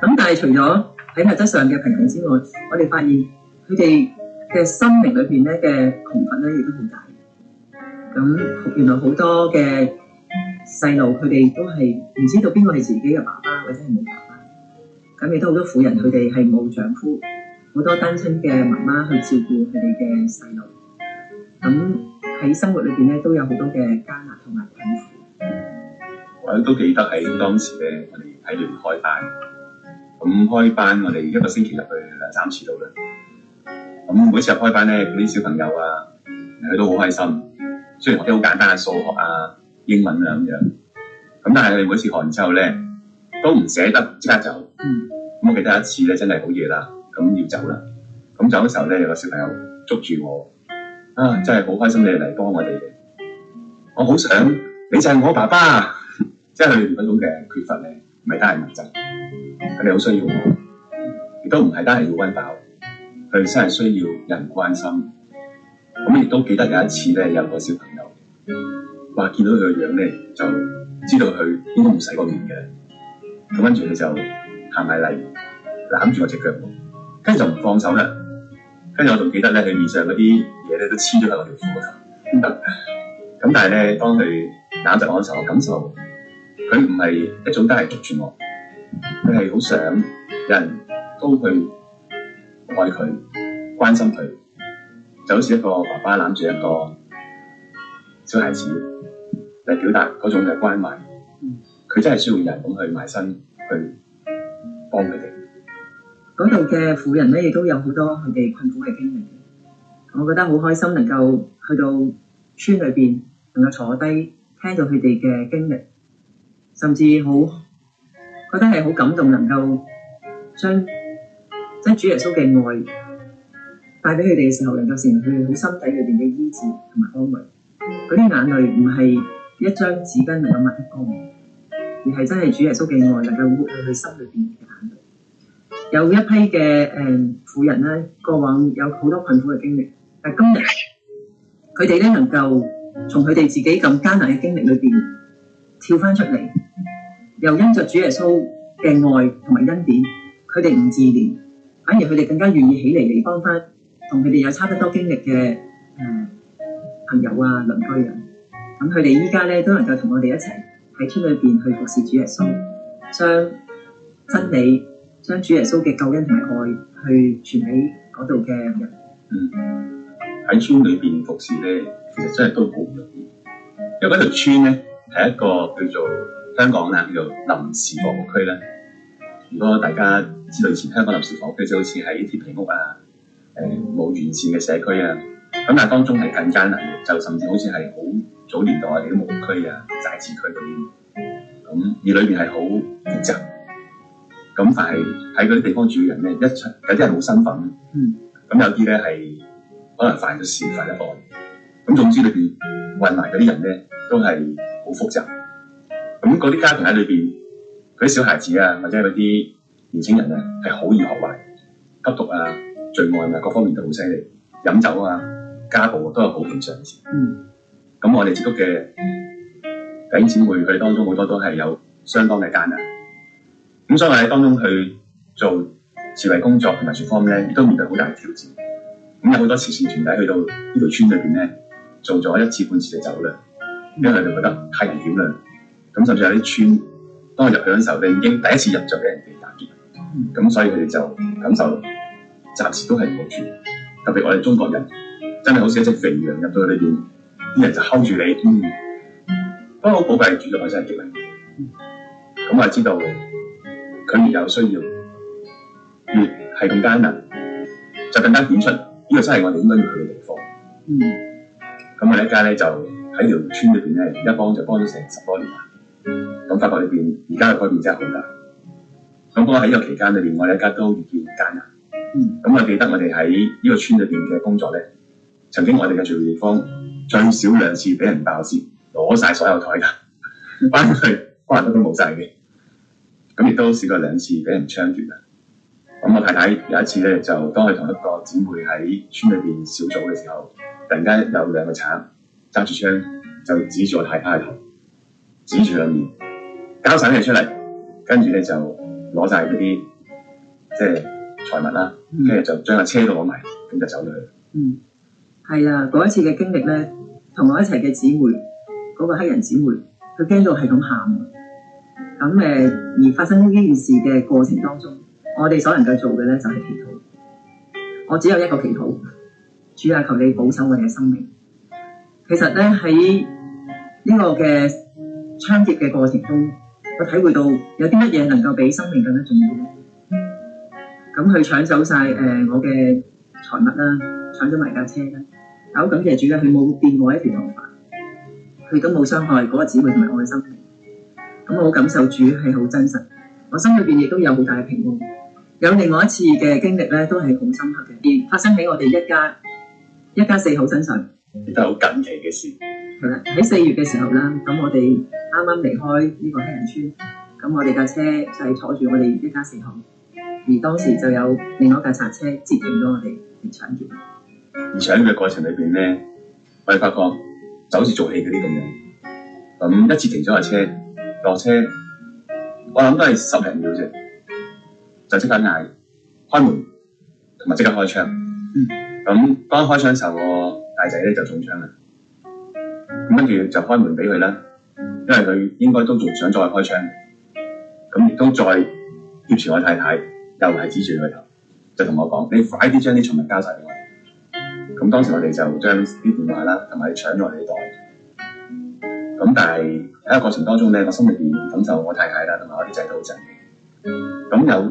咁但係除咗喺物質上嘅貧窮之外，我哋發現佢哋嘅心靈裏邊咧嘅窮乏咧亦都好大。咁原來好多嘅細路佢哋都係唔知道邊個係自己嘅爸爸或者係冇爸爸。咁亦都好多婦人佢哋係冇丈夫，好多單親嘅媽媽去照顧佢哋嘅細路。咁喺生活裏邊咧都有好多嘅艱難同埋困苦。我都記得喺當時咧，我哋喺度開班，咁開班我哋一個星期入去兩三次到啦。咁每次入開班咧，嗰啲小朋友啊，佢都好開心。雖然學啲好簡單嘅數學啊、英文啊咁樣，咁但係我哋每次學完之後咧，都唔捨得即刻走。咁、嗯、我記得有一次咧，真係好夜啦，咁要走啦。咁走嘅時候咧，有個小朋友捉住我，啊，真係好開心你嚟幫我哋，我好想。你就係我爸爸啊，即係佢根本嘅缺乏咧，唔係單係物質，佢哋好需要我，亦都唔係單係要溫飽，佢哋真係需要有人關心。咁亦都記得有一次咧，有個小朋友話見到佢嘅樣咧，就知道佢應該唔洗過面嘅。咁跟住佢就行埋嚟攬住我隻腳，跟住就唔放手啦。跟住我仲記得咧，佢面上嗰啲嘢咧都黐咗喺我條褲度。咁但係咧，當佢。攬着我嘅時候，我感受佢唔係一種都係捉住我，佢係好想有人都去愛佢、關心佢，就好似一個爸爸攬住一個小孩子嚟表達嗰種嘅關懷。佢真係需要人咁去埋身去幫佢哋。嗰度嘅婦人咧，亦都有好多佢哋困苦嘅經歷。我覺得好開心，能夠去到村裏邊，能夠坐低。聽到佢哋嘅經歷，甚至好覺得係好感動，能夠將將主耶穌嘅愛帶俾佢哋嘅時候，能夠成為佢哋好心底裏邊嘅醫治同埋安慰。嗰啲眼淚唔係一張紙巾能夠抹得乾，而係真係主耶穌嘅愛能夠抹去佢心裏邊嘅眼淚。有一批嘅誒婦人咧，過往有好多困苦嘅經歷，但今日佢哋咧能夠。從佢哋自己咁艱難嘅經歷裏邊跳翻出嚟，又因着主耶穌嘅愛同埋恩典，佢哋唔自憐，反而佢哋更加願意起嚟嚟幫翻同佢哋有差不多經歷嘅誒、嗯、朋友啊鄰居人，咁佢哋依家咧都能夠同我哋一齊喺村裏邊去服侍主耶穌，將真理、將主耶穌嘅救恩同埋愛去傳俾嗰度嘅人。嗯，喺村裏邊服侍咧。其實真係都好唔容易，因為嗰條村咧係一個叫做香港啦，叫做臨時房屋區咧。如果大家知道以前香港臨時房屋區，就好似喺鐵皮屋啊，誒、呃、冇完善嘅社區啊。咁、嗯、但係當中係更加難，就甚至好似係好早年代我哋啲木區啊、寨子區嗰啲。咁、嗯、而裏邊係好複雜，咁但係喺嗰啲地方住嘅人咧，一出有啲人冇身份，咁、嗯嗯、有啲咧係可能犯咗事，犯咗法。咁總之裡面，裏邊混埋嗰啲人咧，都係好複雜。咁嗰啲家庭喺裏邊，嗰啲小孩子啊，或者嗰啲年青人啊，係好易學壞，吸毒啊、罪案啊，各方面都好犀利。飲酒啊、家暴、啊、都係好平常嘅事。咁、嗯、我哋接觸嘅弟兄姊妹，佢哋當中好多都係有相當嘅艱難。咁所以喺當中去做慈善工作同埋説謊咧，亦都面對好大嘅挑戰。咁有好多慈善團體去到呢度村裏邊咧。做咗一次半次就走啦，嗯、因為佢哋覺得太危險啦。咁甚至有啲村，當我入去嘅時候，你已經第一次入咗俾人哋打劫。咁、嗯、所以佢哋就感受暫時都係冇住。特別我哋中國人，真係好似一隻肥羊入到去裏邊，啲人就睺住你。嗯，不過好寶貴嘅真嘅叫你。咁啊、嗯、知道佢越有需要，越係咁艱難，就更加顯出呢個真係我哋應該要去嘅地方。嗯。嗯。咁我哋一家咧就喺條村裏邊咧，而家幫就幫咗成十多年啦。咁發覺裏邊而家嘅改變真係好大。咁不過喺呢個期間裏邊，我哋一家都越變艱難。嗯。咁我記得我哋喺呢個村裏邊嘅工作咧，曾經我哋嘅聚會地方最少兩次俾人爆竊，攞晒所有台架，翻去可能 都冇晒嘅。咁亦都試過兩次俾人槍斷啊！咁我太太有一次咧，就當佢同一個姊妹喺村裏邊小組嘅時候。突然間有兩個賊揸住槍就指住我太太頭，指住兩面交手嘢出嚟、嗯，跟住咧就攞晒嗰啲即係財物啦，跟住就將架車都攞埋，咁就走咗去。嗯，係啊，嗰一次嘅經歷咧，同我一齊嘅姊妹，嗰、嗰個黑人姊妹，佢驚到係咁喊。咁誒，而發生呢件事嘅過程當中，我哋所能夠做嘅咧就係祈禱。我只有一個祈禱。主啊，求你保守我哋嘅生命。其實咧，喺呢個嘅搶劫嘅過程中，我體會到有啲乜嘢能夠比生命更加重要咧？咁佢搶走曬誒我嘅財物啦，搶咗埋架車啦。好感謝主咧，佢冇變過一條頭髮，佢都冇傷害嗰個姊妹同埋我嘅生命。咁我好感受主係好真實，我心裏邊亦都有好大嘅平安。有另外一次嘅經歷咧，都係好深刻嘅，而發生喺我哋一家。一家四口身上亦都係好近期嘅事。係啦，喺四月嘅時候啦，咁我哋啱啱離開呢個黑人村，咁我哋架車就係坐住我哋一家四口，而當時就有另外一架車截停咗我哋嚟搶住。搶劫，而搶嘅過程裏邊咧，我哋發覺就好似做戲嗰啲咁樣，咁一次停咗架車落車，我諗都係十零秒啫，就即刻嗌開門同埋即刻開窗。嗯咁當開槍嘅時候，我大仔呢就中槍啦。咁跟住就開門俾佢啦，因為佢應該都仲想再開槍。咁亦都再劫持我太太，又係指住佢頭，就同我講：你快啲將啲財物交曬我們。咁當時我哋就將啲電話啦，同埋搶咗嚟袋。咁但係喺個過程當中呢，我心入邊感受我太太啦，同埋我啲仔女仔。咁有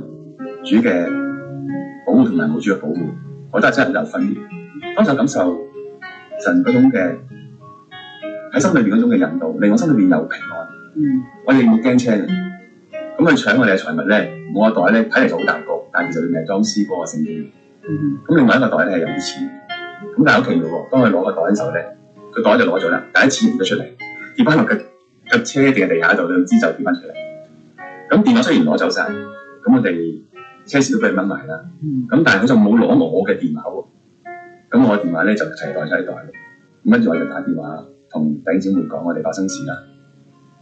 主嘅保護同埋冇主嘅保護。我覺得真係有分嘅，當時我感受神嗰種嘅喺心裏邊嗰種嘅引導，令我心裏邊有平安。嗯，我哋冇驚青嘅，咁佢、嗯、搶我哋嘅財物咧，我袋咧睇嚟就好大個，但係其實佢唔係裝詩歌嘅聖經嘅。咁、嗯、另外一個袋咧係有啲錢，咁但係好奇妙喎，當佢攞個袋嘅時候咧，佢袋就攞咗啦，第一錢唔咗出嚟，跌翻落腳腳車地下度，你知就跌翻出嚟。咁電話雖然攞走晒，咁我哋。車匙都俾佢掹埋啦，咁但係佢就冇攞我嘅電話喎，咁我嘅電話咧就一齊袋仔袋，跟住我就打電話同頂姊妹講我哋發生事啦，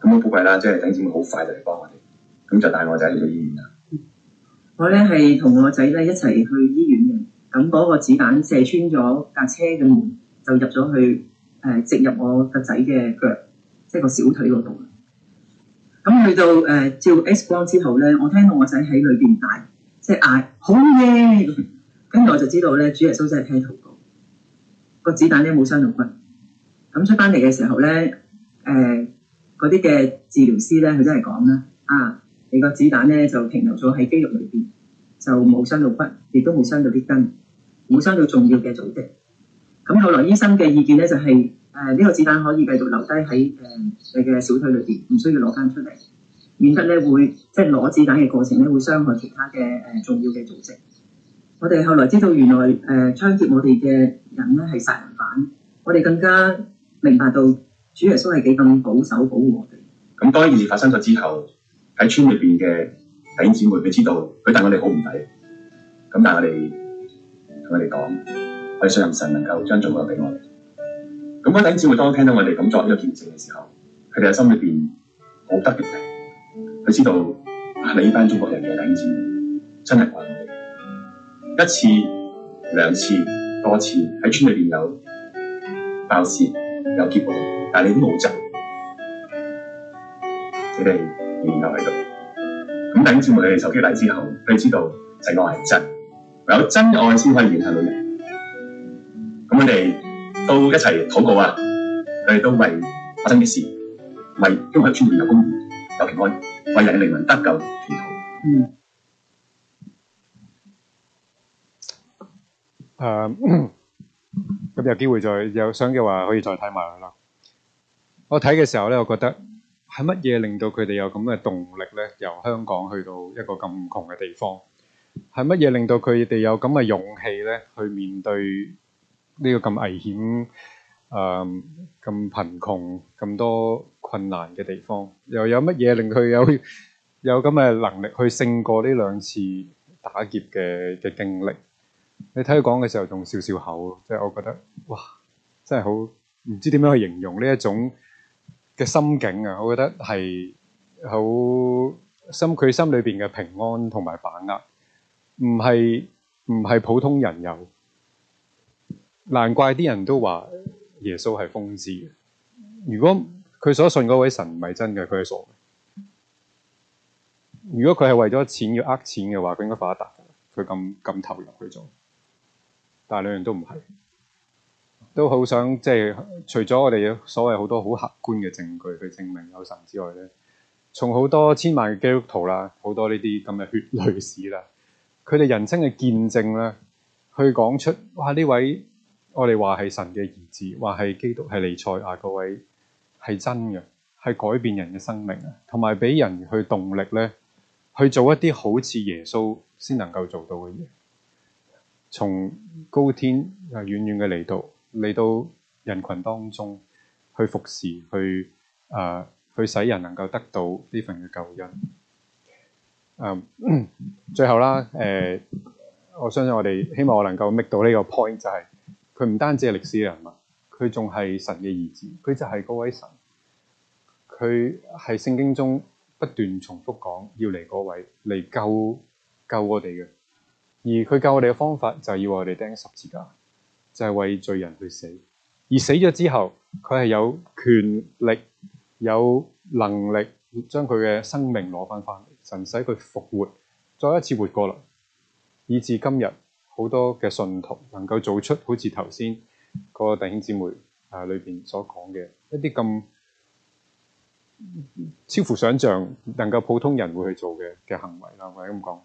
咁我古怪啦，即係頂姊妹好快就嚟幫我哋，咁就帶我仔去到醫院啦。我咧係同我仔咧一齊去醫院嘅，咁、那、嗰個子彈射穿咗架車嘅門，就入咗去誒直、呃、入我個仔嘅腳，即係個小腿嗰度。咁去到誒、呃、照 X 光之後咧，我聽到我仔喺裏邊大。即係嗌好嘢，跟住我就知道咧，主耶穌真係聽禱告，個子彈咧冇傷到骨。咁、嗯、出翻嚟嘅時候咧，誒嗰啲嘅治療師咧，佢真係講啦，啊你個子彈咧就停留咗喺肌肉裏邊，就冇傷到骨，亦都冇傷到啲筋，冇傷到重要嘅組織。咁、嗯、後來醫生嘅意見咧就係、是，誒、呃、呢、這個子彈可以繼續留低喺誒你嘅小腿裏邊，唔需要攞翻出嚟。免得咧會即係攞子彈嘅過程咧會傷害其他嘅誒、呃、重要嘅組織。我哋後來知道原來誒搶、呃、劫我哋嘅人咧係殺人犯。我哋更加明白到主耶穌係幾咁保守保護我哋。咁當一件事發生咗之後，喺村裏邊嘅弟兄姊妹佢知道佢待我哋好唔抵。咁但係我哋同佢哋講，我哋信任神能夠將祝福俾我哋。咁嗰啲弟兄姊妹當聽到我哋咁作呢個見證嘅時候，佢哋喺心裏邊好特別嘅。佢知道你呢班中國人嘅領袖真係愛我一次、兩次、多次，喺村裏面有爆竊、有劫案，但你都冇走，你哋仍然喺度。咁領袖知道佢哋受驚嚇之後，佢哋知道真愛係真，唯有真愛先可以影響到人。咁佢哋都一齊禱告啊！佢哋都為發生嘅事，為中海村裏面有公義。求平安，為人靈魂得救前途。嗯。誒，咁有機會再有想嘅話，可以再睇埋去啦。我睇嘅時候咧，我覺得係乜嘢令到佢哋有咁嘅動力咧？由香港去到一個咁窮嘅地方，係乜嘢令到佢哋有咁嘅勇氣咧？去面對呢個咁危險？誒咁貧窮咁多困難嘅地方，又有乜嘢令佢有有咁嘅能力去勝過呢兩次打劫嘅嘅經歷？你睇佢講嘅時候仲笑笑口，即係我覺得哇，真係好唔知點樣去形容呢一種嘅心境啊！我覺得係好心佢心裏邊嘅平安同埋把握，唔係唔係普通人有，難怪啲人都話。耶穌係瘋子嘅。如果佢所信嗰位神唔係真嘅，佢係傻嘅。如果佢係為咗錢要呃錢嘅話，佢應該發達。佢咁咁投入去做，但係兩樣都唔係，都好想即係、就是、除咗我哋所謂好多好客觀嘅證據去證明有神之外咧，從好多千萬嘅基督徒啦，好多呢啲噉嘅血淚史啦，佢哋人生嘅見證咧，去講出哇呢位。我哋話係神嘅兒子，話係基督係彌賽亞！各位係真嘅，係改變人嘅生命啊，同埋俾人去動力咧，去做一啲好似耶穌先能夠做到嘅嘢。從高天啊、呃，遠遠嘅嚟到嚟到人群當中去服侍，去啊、呃、去使人能夠得到呢份嘅救恩。啊、呃，最後啦，誒、呃，我相信我哋希望我能夠 make 到呢個 point 就係、是。佢唔單止係歷史人物，佢仲係神嘅兒子，佢就係嗰位神。佢係聖經中不斷重複講要嚟嗰位嚟救救我哋嘅，而佢救我哋嘅方法就係要我哋釘十字架，就係、是、為罪人去死。而死咗之後，佢係有權力、有能力將佢嘅生命攞翻翻嚟，神使佢復活，再一次活過嚟，以至今日。好多嘅信徒能夠做出好似頭先嗰個弟兄姊妹啊裏邊所講嘅一啲咁超乎想象，能夠普通人會去做嘅嘅行為啦，或者咁講。誒、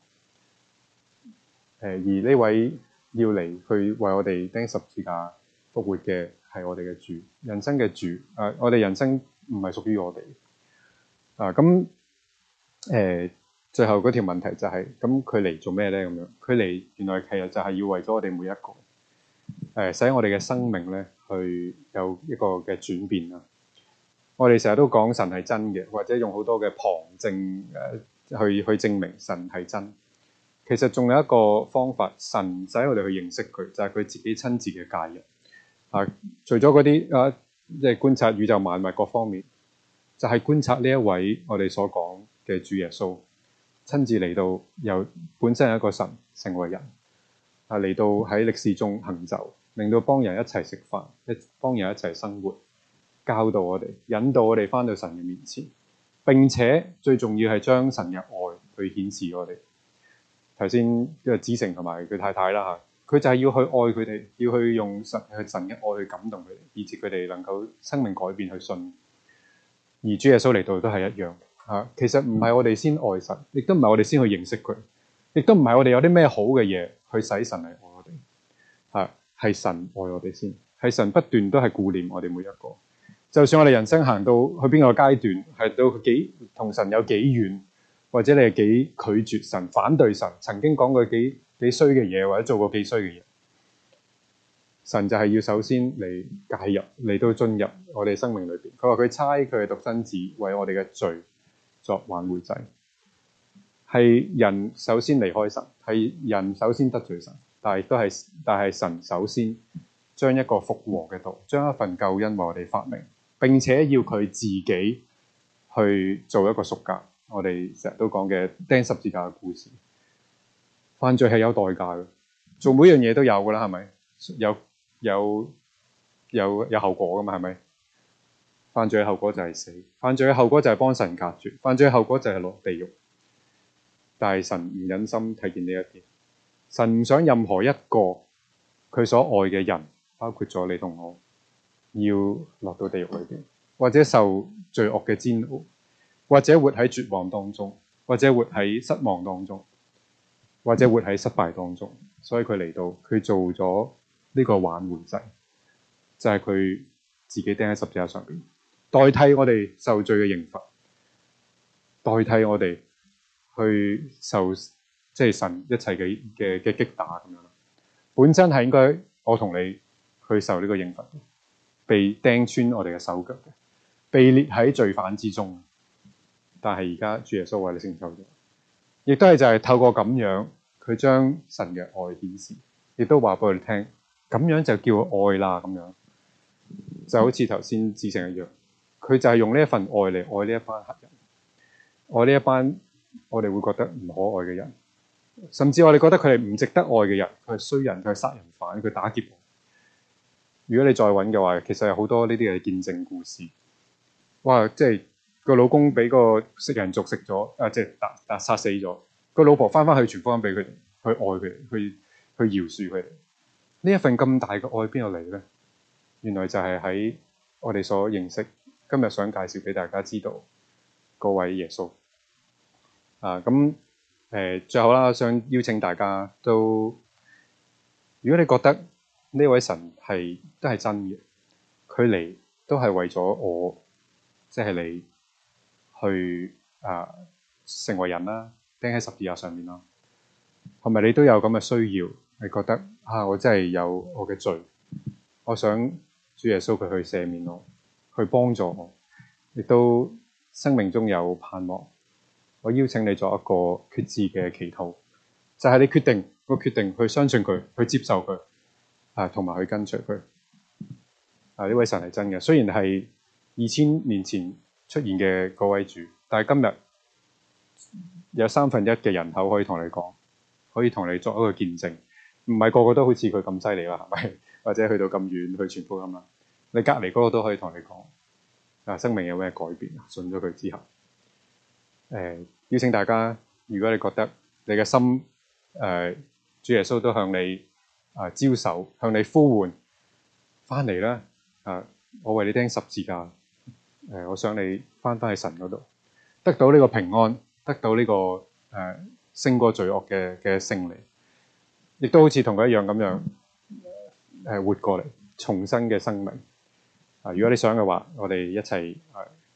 呃、而呢位要嚟去為我哋釘十字架復活嘅係我哋嘅主，人生嘅主啊！我哋人生唔係屬於我哋啊！咁誒。呃最後嗰條問題就係咁佢嚟做咩咧？咁樣佢嚟原來其實就係要為咗我哋每一個誒，使我哋嘅生命咧，去有一個嘅轉變啦。我哋成日都講神係真嘅，或者用好多嘅旁證誒去去，去證明神係真。其實仲有一個方法，神使我哋去認識佢，就係佢自己親自嘅介入啊。除咗嗰啲啊，即係觀察宇宙萬物各方面，就係觀察呢一位我哋所講嘅主耶穌。親自嚟到，由本身係一個神成為人，啊嚟到喺歷史中行走，令到幫人一齊食飯，一幫人一齊生活，教導我哋，引導我哋返到神嘅面前，並且最重要係將神嘅愛去顯示我哋。頭先呢個子成同埋佢太太啦吓，佢就係要去愛佢哋，要去用神去神嘅愛去感動佢哋，以至佢哋能夠生命改變去信。而主耶穌嚟到都係一樣。啊！其實唔係我哋先愛神，亦都唔係我哋先去認識佢，亦都唔係我哋有啲咩好嘅嘢去使神嚟愛我哋。嚇，係神愛我哋先，係神不斷都係顧念我哋每一個。就算我哋人生行到去邊個階段，係到幾同神有幾遠，或者你係幾拒絕神、反對神，曾經講過幾幾衰嘅嘢，或者做過幾衰嘅嘢，神就係要首先嚟介入、嚟到進入我哋生命裏邊。佢話佢差佢係獨生子，為我哋嘅罪。作挽回祭，係人首先離開神，係人首先得罪神，但係都係，但係神首先將一個複和嘅道，將一份救恩為我哋發明，並且要佢自己去做一個贖價。我哋成日都講嘅釘十字架嘅故事，犯罪係有代價嘅，做每樣嘢都有噶啦，係咪？有有有有後果噶嘛，係咪？犯罪嘅後果就係死，犯罪嘅後果就係幫神隔絕，犯罪嘅後果就係落地獄。但係神唔忍心睇見呢一點，神唔想任何一個佢所愛嘅人，包括咗你同我，要落到地獄裏邊，或者受罪惡嘅煎熬，或者活喺絕望當中，或者活喺失望當中，或者活喺失敗當中。所以佢嚟到，佢做咗呢個挽回祭，就係佢自己釘喺十字架上邊。代替我哋受罪嘅刑罰，代替我哋去受即係神一切嘅嘅嘅擊打咁樣咯。本身係應該我同你去受呢個刑罰，被釘穿我哋嘅手腳嘅，被列喺罪犯之中。但係而家主耶穌為、啊、你承受咗，亦都係就係透過咁樣，佢將神嘅愛顯示，亦都話俾我哋聽，咁樣就叫愛啦。咁樣就好似頭先子成一樣。佢就係用呢一份愛嚟愛呢一班黑人，愛呢一班我哋會覺得唔可愛嘅人，甚至我哋覺得佢哋唔值得愛嘅人，佢係衰人，佢係殺人犯，佢打劫我。如果你再揾嘅話，其實有好多呢啲嘅見證故事。哇！即係個老公俾個食人族食咗啊，即係殺殺殺死咗個老婆，翻返去全方位俾佢去愛佢，去去饒恕佢。這這呢一份咁大嘅愛邊度嚟咧？原來就係喺我哋所認識。今日想介紹俾大家知道，各位耶穌啊，咁誒、呃、最後啦，我想邀請大家都，如果你覺得呢位神係都係真嘅，佢嚟都係為咗我，即係你去啊成為人啦，釘喺十字架上面咯，係咪你都有咁嘅需要？你覺得啊，我真係有我嘅罪，我想主耶穌佢去赦免我。去幫助我，亦都生命中有盼望。我邀請你作一個決志嘅祈禱，就係、是、你決定，我決定，去相信佢，去接受佢，啊，同埋去跟隨佢。啊，呢位神係真嘅，雖然係二千年前出現嘅嗰位主，但係今日有三分一嘅人口可以同你講，可以同你作一個見證。唔係個個都好似佢咁犀利啦，係咪？或者去到咁遠去傳福音啦？你隔籬嗰個都可以同你講，啊，生命有咩改變啊？信咗佢之後，誒、呃，邀請大家，如果你覺得你嘅心，誒、呃，主耶穌都向你啊、呃、招手，向你呼喚，返嚟啦！啊、呃，我為你釘十字架，誒、呃，我想你翻返去神嗰度，得到呢個平安，得到呢個誒勝、呃、過罪惡嘅嘅勝利，亦都好似同佢一樣咁樣，誒、呃，活過嚟，重生嘅生命。啊，如果你想嘅話，我哋一齊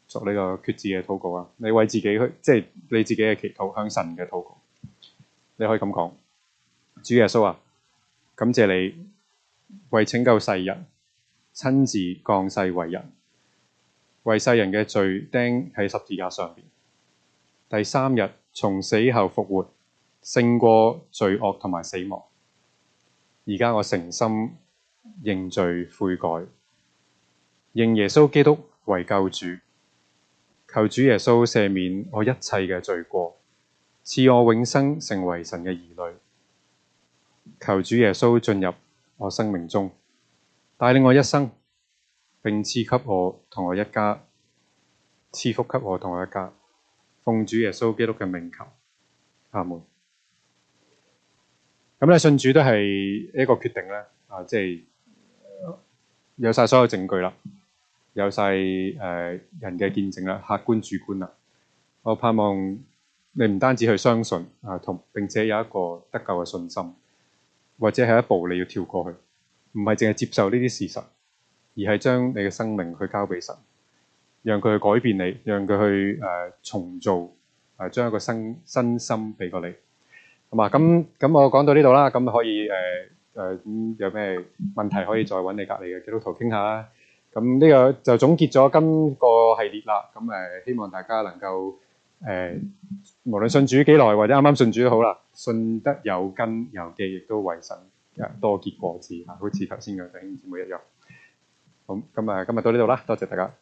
做呢個決志嘅禱告啊！你為自己去，即係你自己嘅祈禱，向神嘅禱告，你可以咁講：主耶穌啊，感謝你為拯救世人，親自降世為人，為世人嘅罪釘喺十字架上邊，第三日從死後復活，勝過罪惡同埋死亡。而家我誠心認罪悔改。認耶穌基督為救主，求主耶穌赦免我一切嘅罪過，賜我永生，成為神嘅兒女。求主耶穌進入我生命中，帶領我一生，並賜給我同我一家賜福給我同我一家。奉主耶穌基督嘅名求，阿門。咁咧，信主都係一個決定咧，啊，即係有晒所有證據啦。有晒誒、呃、人嘅見證啦，客觀主觀啦。我盼望你唔單止去相信啊，同並且有一個得救嘅信心，或者係一步你要跳過去，唔係淨係接受呢啲事實，而係將你嘅生命去交俾神，讓佢去改變你，讓佢去誒、呃、重做，誒、啊、將一個新身心俾過你。好、啊、嘛，咁咁我講到呢度啦，咁可以誒誒咁有咩問題可以再搵你隔籬嘅基督徒傾下啊？咁呢個就總結咗今個系列啦。咁誒，希望大家能夠誒、呃，無論信主幾耐或者啱啱信主都好啦，信得有根有基，亦都為神多結果子嚇，好似頭先嘅弟兄姊妹一樣。好，咁啊，今日到呢度啦，多謝大家。